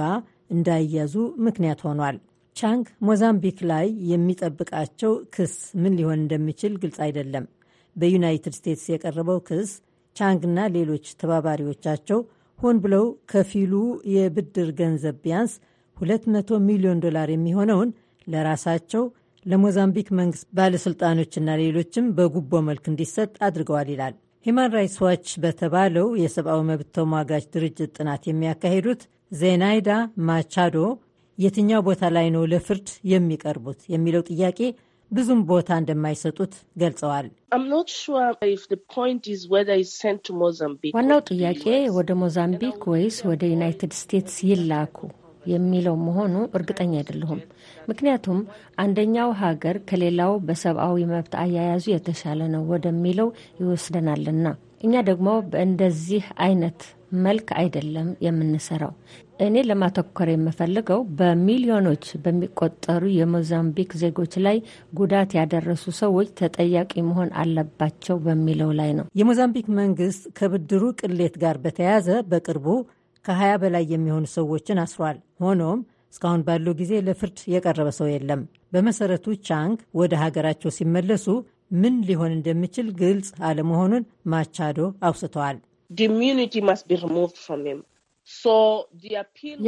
እንዳይያዙ ምክንያት ሆኗል። ቻንግ ሞዛምቢክ ላይ የሚጠብቃቸው ክስ ምን ሊሆን እንደሚችል ግልጽ አይደለም። በዩናይትድ ስቴትስ የቀረበው ክስ ቻንግና ሌሎች ተባባሪዎቻቸው ሆን ብለው ከፊሉ የብድር ገንዘብ ቢያንስ 200 ሚሊዮን ዶላር የሚሆነውን ለራሳቸው ለሞዛምቢክ መንግስት ባለሥልጣኖችና ሌሎችም በጉቦ መልክ እንዲሰጥ አድርገዋል ይላል። ሂማን ራይትስ ዋች በተባለው የሰብአዊ መብት ተሟጋች ድርጅት ጥናት የሚያካሂዱት ዜናይዳ ማቻዶ የትኛው ቦታ ላይ ነው ለፍርድ የሚቀርቡት የሚለው ጥያቄ ብዙም ቦታ እንደማይሰጡት ገልጸዋል። ዋናው ጥያቄ ወደ ሞዛምቢክ ወይስ ወደ ዩናይትድ ስቴትስ ይላኩ የሚለው መሆኑ እርግጠኛ አይደለሁም። ምክንያቱም አንደኛው ሀገር ከሌላው በሰብአዊ መብት አያያዙ የተሻለ ነው ወደሚለው ይወስደናልና እኛ ደግሞ በእንደዚህ አይነት መልክ አይደለም የምንሰራው። እኔ ለማተኮር የምፈልገው በሚሊዮኖች በሚቆጠሩ የሞዛምቢክ ዜጎች ላይ ጉዳት ያደረሱ ሰዎች ተጠያቂ መሆን አለባቸው በሚለው ላይ ነው። የሞዛምቢክ መንግስት ከብድሩ ቅሌት ጋር በተያያዘ በቅርቡ ከ20 በላይ የሚሆኑ ሰዎችን አስሯል። ሆኖም እስካሁን ባለው ጊዜ ለፍርድ የቀረበ ሰው የለም። በመሰረቱ ቻንግ ወደ ሀገራቸው ሲመለሱ ምን ሊሆን እንደሚችል ግልጽ አለመሆኑን ማቻዶ አውስተዋል።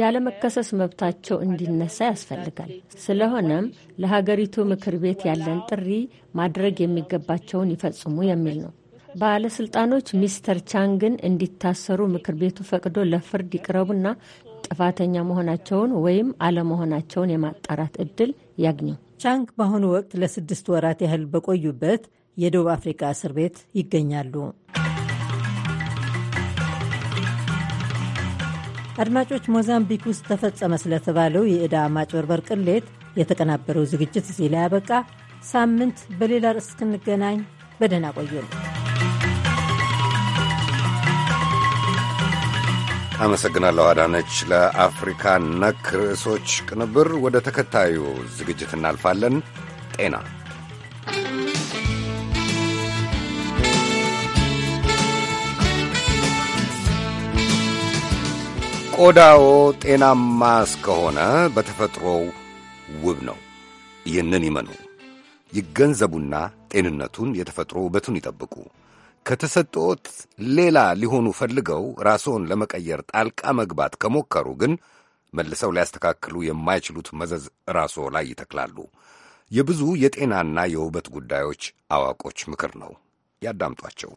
ያለመከሰስ መብታቸው እንዲነሳ ያስፈልጋል። ስለሆነም ለሀገሪቱ ምክር ቤት ያለን ጥሪ ማድረግ የሚገባቸውን ይፈጽሙ የሚል ነው። ባለስልጣኖች ሚስተር ቻንግን እንዲታሰሩ ምክር ቤቱ ፈቅዶ ለፍርድ ይቅረቡና ጥፋተኛ መሆናቸውን ወይም አለመሆናቸውን የማጣራት እድል ያግኙ። ቻንግ በአሁኑ ወቅት ለስድስት ወራት ያህል በቆዩበት የደቡብ አፍሪካ እስር ቤት ይገኛሉ። አድማጮች፣ ሞዛምቢክ ውስጥ ተፈጸመ ስለተባለው የዕዳ ማጭበርበር ቅሌት የተቀናበረው ዝግጅት እዚህ ላይ ያበቃ። ሳምንት በሌላ ርዕስ እስክንገናኝ በደህና ቆዩን። አመሰግናለሁ አዳነች። ለአፍሪካ ነክ ርዕሶች ቅንብር ወደ ተከታዩ ዝግጅት እናልፋለን። ጤና ቆዳዎ ጤናማ እስከሆነ በተፈጥሮው ውብ ነው። ይህንን ይመኑ፣ ይገንዘቡና ጤንነቱን፣ የተፈጥሮ ውበቱን ይጠብቁ። ከተሰጥኦት ሌላ ሊሆኑ ፈልገው ራስዎን ለመቀየር ጣልቃ መግባት ከሞከሩ ግን መልሰው ሊያስተካክሉ የማይችሉት መዘዝ ራስዎ ላይ ይተክላሉ። የብዙ የጤናና የውበት ጉዳዮች አዋቆች ምክር ነው። ያዳምጧቸው።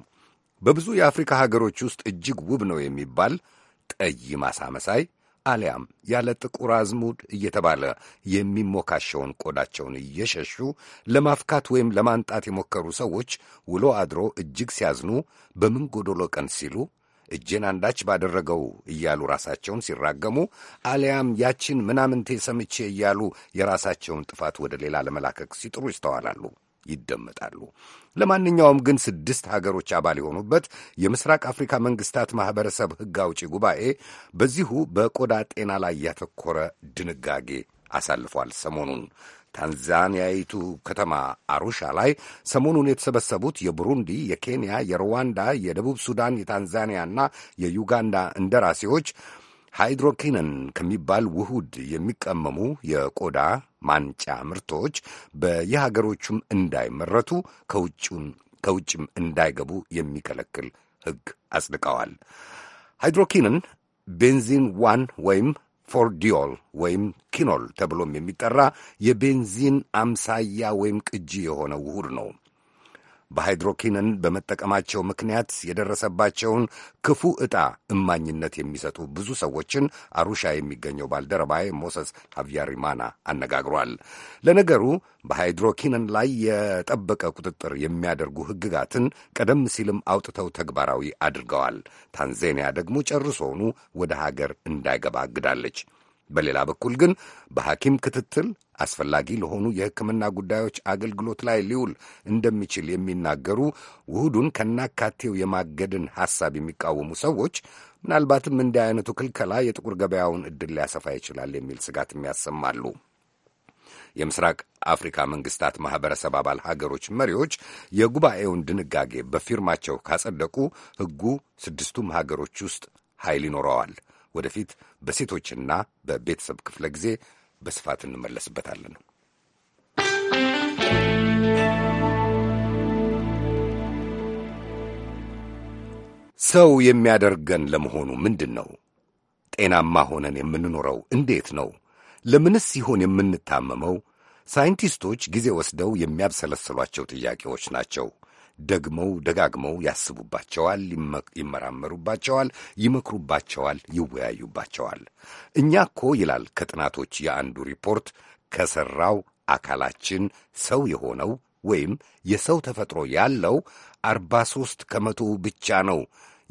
በብዙ የአፍሪካ ሀገሮች ውስጥ እጅግ ውብ ነው የሚባል ጠይ ማሳ መሳይ አሊያም ያለ ጥቁር አዝሙድ እየተባለ የሚሞካሸውን ቆዳቸውን እየሸሹ ለማፍካት ወይም ለማንጣት የሞከሩ ሰዎች ውሎ አድሮ እጅግ ሲያዝኑ በምን ጎዶሎ ቀን ሲሉ እጄን አንዳች ባደረገው እያሉ ራሳቸውን ሲራገሙ አሊያም ያችን ምናምንቴ ሰምቼ እያሉ የራሳቸውን ጥፋት ወደ ሌላ ለመላከክ ሲጥሩ ይስተዋላሉ። ይደመጣሉ። ለማንኛውም ግን ስድስት ሀገሮች አባል የሆኑበት የምስራቅ አፍሪካ መንግስታት ማኅበረሰብ ሕግ አውጪ ጉባኤ በዚሁ በቆዳ ጤና ላይ ያተኮረ ድንጋጌ አሳልፏል። ሰሞኑን ታንዛኒያይቱ ከተማ አሩሻ ላይ ሰሞኑን የተሰበሰቡት የቡሩንዲ፣ የኬንያ፣ የሩዋንዳ፣ የደቡብ ሱዳን፣ የታንዛኒያና የዩጋንዳ እንደራሴዎች ሃይድሮኪነን ከሚባል ውሁድ የሚቀመሙ የቆዳ ማንጫ ምርቶች በየሀገሮቹም እንዳይመረቱ ከውጭም እንዳይገቡ የሚከለክል ሕግ አጽድቀዋል። ሃይድሮኪንን ቤንዚን ዋን ወይም ፎርዲዮል ወይም ኪኖል ተብሎም የሚጠራ የቤንዚን አምሳያ ወይም ቅጂ የሆነ ውሁድ ነው። በሃይድሮኪንን በመጠቀማቸው ምክንያት የደረሰባቸውን ክፉ ዕጣ እማኝነት የሚሰጡ ብዙ ሰዎችን አሩሻ የሚገኘው ባልደረባዬ ሞሰስ ሀቪያሪማና አነጋግሯል። ለነገሩ በሃይድሮኪንን ላይ የጠበቀ ቁጥጥር የሚያደርጉ ሕግጋትን ቀደም ሲልም አውጥተው ተግባራዊ አድርገዋል። ታንዛኒያ ደግሞ ጨርሶውኑ ወደ ሀገር እንዳይገባ አግዳለች። በሌላ በኩል ግን በሐኪም ክትትል አስፈላጊ ለሆኑ የሕክምና ጉዳዮች አገልግሎት ላይ ሊውል እንደሚችል የሚናገሩ ውህዱን ከናካቴው የማገድን ሐሳብ የሚቃወሙ ሰዎች ምናልባትም እንዲህ አይነቱ ክልከላ የጥቁር ገበያውን ዕድል ሊያሰፋ ይችላል የሚል ስጋትም ያሰማሉ። የምስራቅ አፍሪካ መንግስታት ማኅበረሰብ አባል ሀገሮች መሪዎች የጉባኤውን ድንጋጌ በፊርማቸው ካጸደቁ ሕጉ ስድስቱም ሀገሮች ውስጥ ኃይል ይኖረዋል። ወደፊት በሴቶችና በቤተሰብ ክፍለ ጊዜ በስፋት እንመለስበታለን። ሰው የሚያደርገን ለመሆኑ ምንድን ነው? ጤናማ ሆነን የምንኖረው እንዴት ነው? ለምንስ ሲሆን የምንታመመው? ሳይንቲስቶች ጊዜ ወስደው የሚያብሰለስሏቸው ጥያቄዎች ናቸው። ደግመው ደጋግመው ያስቡባቸዋል፣ ይመራመሩባቸዋል፣ ይመክሩባቸዋል፣ ይወያዩባቸዋል። እኛ እኮ ይላል ከጥናቶች የአንዱ ሪፖርት ከሠራው አካላችን ሰው የሆነው ወይም የሰው ተፈጥሮ ያለው አርባ ሦስት ከመቶ ብቻ ነው።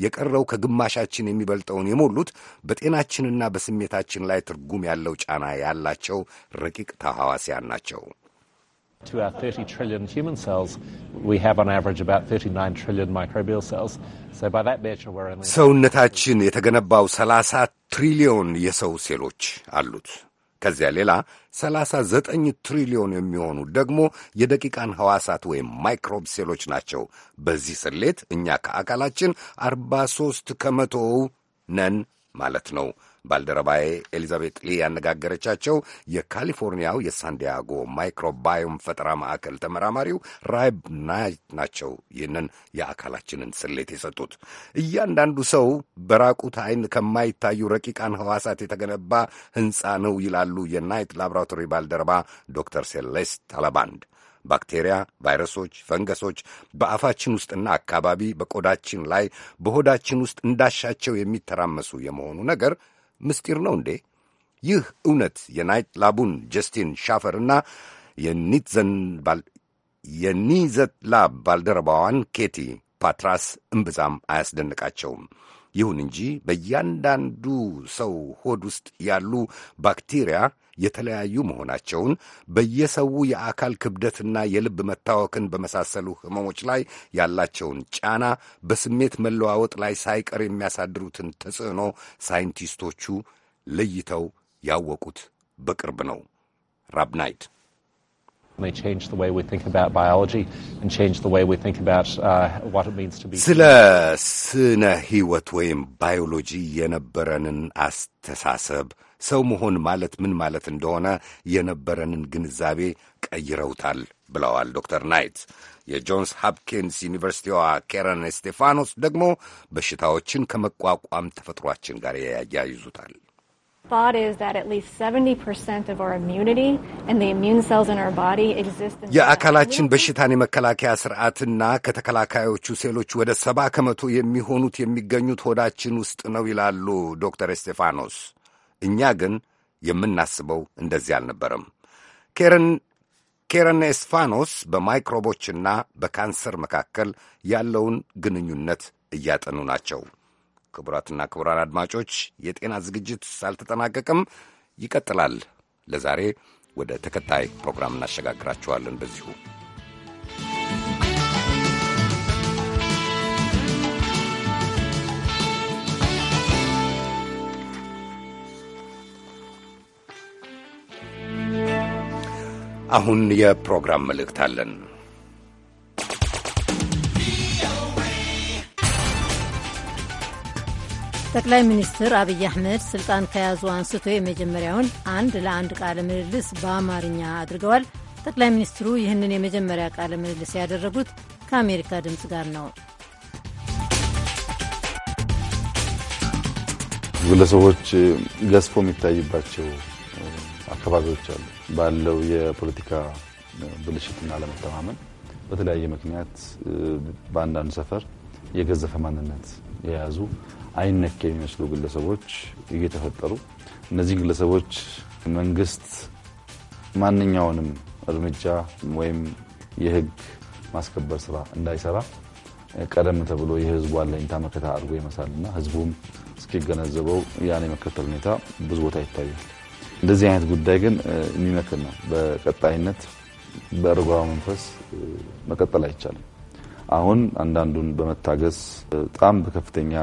የቀረው ከግማሻችን የሚበልጠውን የሞሉት በጤናችንና በስሜታችን ላይ ትርጉም ያለው ጫና ያላቸው ረቂቅ ተሐዋስያን ናቸው። ሰውነታችን የተገነባው 30 ትሪሊዮን የሰው ሴሎች አሉት። ከዚያ ሌላ 39 ትሪሊዮን የሚሆኑ ደግሞ የደቂቃን ሕዋሳት ወይም ማይክሮብ ሴሎች ናቸው። በዚህ ስሌት እኛ ከአካላችን 43 ከመቶው ነን ማለት ነው። ባልደረባዬ ኤሊዛቤት ሊ ያነጋገረቻቸው የካሊፎርኒያው የሳንዲያጎ ማይክሮባዮም ፈጠራ ማዕከል ተመራማሪው ራይብ ናይት ናቸው። ይህንን የአካላችንን ስሌት የሰጡት እያንዳንዱ ሰው በራቁት ዓይን ከማይታዩ ረቂቃን ህዋሳት የተገነባ ህንፃ ነው ይላሉ የናይት ላብራቶሪ ባልደረባ ዶክተር ሴሌስ ታላባንድ። ባክቴሪያ፣ ቫይረሶች፣ ፈንገሶች በአፋችን ውስጥና አካባቢ በቆዳችን ላይ በሆዳችን ውስጥ እንዳሻቸው የሚተራመሱ የመሆኑ ነገር ምስጢር ነው እንዴ? ይህ እውነት የናይት ላቡን ጀስቲን ሻፈርና የኒዘት ላብ ባልደረባዋን ኬቲ ፓትራስ እምብዛም አያስደንቃቸውም። ይሁን እንጂ በእያንዳንዱ ሰው ሆድ ውስጥ ያሉ ባክቴሪያ የተለያዩ መሆናቸውን በየሰው የአካል ክብደትና የልብ መታወክን በመሳሰሉ ህመሞች ላይ ያላቸውን ጫና፣ በስሜት መለዋወጥ ላይ ሳይቀር የሚያሳድሩትን ተጽዕኖ ሳይንቲስቶቹ ለይተው ያወቁት በቅርብ ነው። ራብናይት ስለ ስነ ህይወት ወይም ባዮሎጂ የነበረንን አስተሳሰብ ሰው መሆን ማለት ምን ማለት እንደሆነ የነበረንን ግንዛቤ ቀይረውታል ብለዋል ዶክተር ናይት። የጆንስ ሃፕኪንስ ዩኒቨርሲቲዋ ኬረን ስቴፋኖስ ደግሞ በሽታዎችን ከመቋቋም ተፈጥሯችን ጋር ያያይዙታል። የአካላችን በሽታን የመከላከያ ስርዓትና ከተከላካዮቹ ሴሎች ወደ ሰባ ከመቶ የሚሆኑት የሚገኙት ሆዳችን ውስጥ ነው ይላሉ ዶክተር እስቴፋኖስ። እኛ ግን የምናስበው እንደዚህ አልነበረም። ኬረን ኬረን ኤስፋኖስ በማይክሮቦችና በካንሰር መካከል ያለውን ግንኙነት እያጠኑ ናቸው። ክቡራትና ክቡራን አድማጮች የጤና ዝግጅት አልተጠናቀቅም፣ ይቀጥላል። ለዛሬ ወደ ተከታይ ፕሮግራም እናሸጋግራችኋለን በዚሁ አሁን የፕሮግራም መልእክት አለን። ጠቅላይ ሚኒስትር አብይ አህመድ ስልጣን ከያዙ አንስቶ የመጀመሪያውን አንድ ለአንድ ቃለ ምልልስ በአማርኛ አድርገዋል። ጠቅላይ ሚኒስትሩ ይህንን የመጀመሪያ ቃለ ምልልስ ያደረጉት ከአሜሪካ ድምፅ ጋር ነው። ግለሰቦች ገዝፎ የሚታይባቸው አካባቢዎች አሉ። ባለው የፖለቲካ ብልሽትና አለመተማመን በተለያየ ምክንያት በአንዳንድ ሰፈር የገዘፈ ማንነት የያዙ አይነክ የሚመስሉ ግለሰቦች እየተፈጠሩ እነዚህ ግለሰቦች መንግስት ማንኛውንም እርምጃ ወይም የህግ ማስከበር ስራ እንዳይሰራ ቀደም ተብሎ የህዝቡ አለኝታ መከታ አድርጎ ይመሳልና ህዝቡም እስኪገነዘበው ያን የመከተል ሁኔታ ብዙ ቦታ ይታያል። እንደዚህ አይነት ጉዳይ ግን የሚመክል ነው። በቀጣይነት በእርጓ መንፈስ መቀጠል አይቻልም። አሁን አንዳንዱን በመታገስ በጣም በከፍተኛ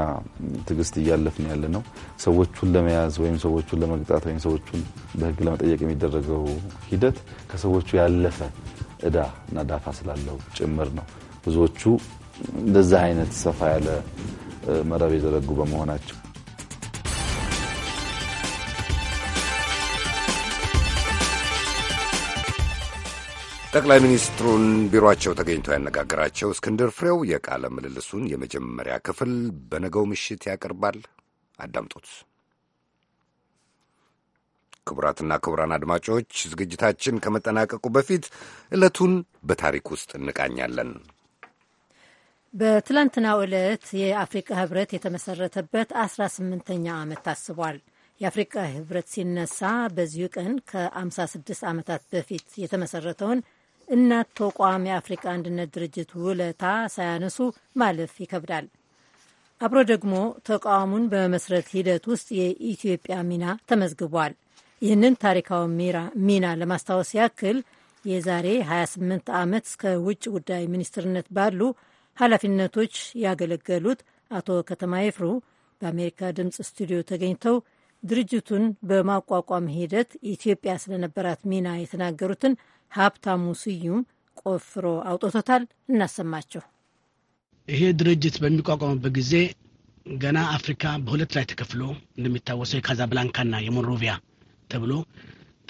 ትግስት እያለፍን ያለ ነው። ሰዎቹን ለመያዝ ወይም ሰዎቹን ለመግጣት ወይም ሰዎቹን በህግ ለመጠየቅ የሚደረገው ሂደት ከሰዎቹ ያለፈ እዳ እና ዳፋ ስላለው ጭምር ነው። ብዙዎቹ እንደዚህ አይነት ሰፋ ያለ መረብ የዘረጉ በመሆናቸው ጠቅላይ ሚኒስትሩን ቢሮቸው ተገኝቶ ያነጋገራቸው እስክንድር ፍሬው የቃለ ምልልሱን የመጀመሪያ ክፍል በነገው ምሽት ያቀርባል። አዳምጡት። ክቡራትና ክቡራን አድማጮች ዝግጅታችን ከመጠናቀቁ በፊት ዕለቱን በታሪክ ውስጥ እንቃኛለን። በትላንትናው ዕለት የአፍሪቃ ህብረት የተመሰረተበት 18 ስምንተኛ ዓመት ታስቧል። የአፍሪቃ ህብረት ሲነሳ በዚሁ ቀን ከ56 ዓመታት በፊት የተመሰረተውን እናት ተቋም የአፍሪካ አንድነት ድርጅት ውለታ ሳያነሱ ማለፍ ይከብዳል። አብሮ ደግሞ ተቋሙን በመመስረት ሂደት ውስጥ የኢትዮጵያ ሚና ተመዝግቧል። ይህንን ታሪካዊ ሚና ለማስታወስ ያክል የዛሬ 28 ዓመት እስከ ውጭ ጉዳይ ሚኒስትርነት ባሉ ኃላፊነቶች ያገለገሉት አቶ ከተማ ይፍሩ በአሜሪካ ድምፅ ስቱዲዮ ተገኝተው ድርጅቱን በማቋቋም ሂደት ኢትዮጵያ ስለነበራት ሚና የተናገሩትን ሀብታሙ ስዩም ቆፍሮ አውጥቶታል። እናሰማቸው። ይሄ ድርጅት በሚቋቋምበት ጊዜ ገና አፍሪካ በሁለት ላይ ተከፍሎ እንደሚታወሰው የካዛብላንካና የሞንሮቪያ ተብሎ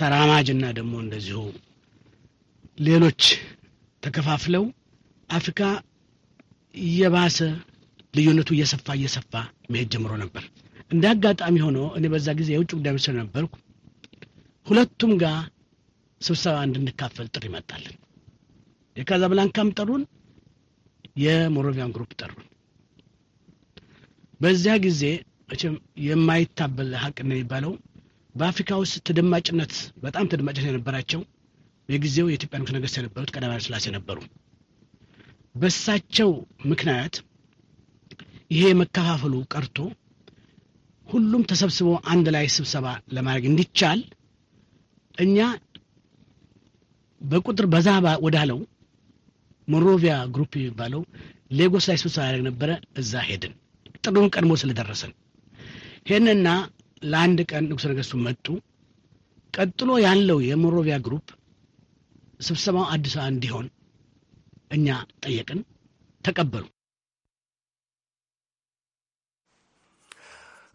ተራማጅና ደግሞ እንደዚሁ ሌሎች ተከፋፍለው አፍሪካ እየባሰ ልዩነቱ እየሰፋ እየሰፋ መሄድ ጀምሮ ነበር። እንደ አጋጣሚ ሆኖ እኔ በዛ ጊዜ የውጭ ጉዳይ ሚኒስትር ነበርኩ። ሁለቱም ጋር ስብሰባ እንድንካፈል ጥሪ መጣልን። የካዛብላንካም ጠሩን፣ የሞሮቪያን ግሩፕ ጠሩን። በዚያ ጊዜ መቼም የማይታበል ሀቅ ነው የሚባለው በአፍሪካ ውስጥ ተደማጭነት በጣም ተደማጭነት የነበራቸው የጊዜው የኢትዮጵያ ንጉሠ ነገሥት የነበሩት ቀዳማዊ ስላሴ ሥላሴ ነበሩ። በሳቸው ምክንያት ይሄ መከፋፈሉ ቀርቶ ሁሉም ተሰብስቦ አንድ ላይ ስብሰባ ለማድረግ እንዲቻል እኛ በቁጥር በዛ ወዳለው ሞንሮቪያ ግሩፕ የሚባለው ሌጎስ ላይ ስብሰባ ያደርግ ነበረ። እዛ ሄድን፣ ጥሩን ቀድሞ ስለደረሰን ሄድንና ለአንድ ቀን ንጉሠ ነገሥቱ መጡ። ቀጥሎ ያለው የሞንሮቪያ ግሩፕ ስብሰባው አዲስ አበባ እንዲሆን እኛ ጠየቅን፣ ተቀበሉ።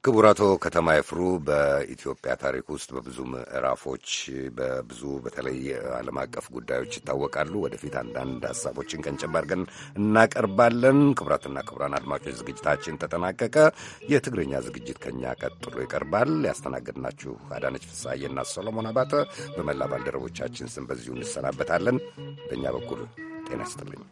ክቡር አቶ ከተማ ይፍሩ በኢትዮጵያ ታሪክ ውስጥ በብዙ ምዕራፎች በብዙ በተለይ ዓለም አቀፍ ጉዳዮች ይታወቃሉ። ወደፊት አንዳንድ ሀሳቦችን ቀንጨብ አድርገን እናቀርባለን። ክቡራትና ክቡራን አድማጮች ዝግጅታችን ተጠናቀቀ። የትግርኛ ዝግጅት ከኛ ቀጥሎ ይቀርባል። ያስተናገድናችሁ አዳነች ፍሳዬና ሰሎሞን አባተ በመላ ባልደረቦቻችን ስም በዚሁ እንሰናበታለን። በእኛ በኩል ጤና ይስጥልኝ።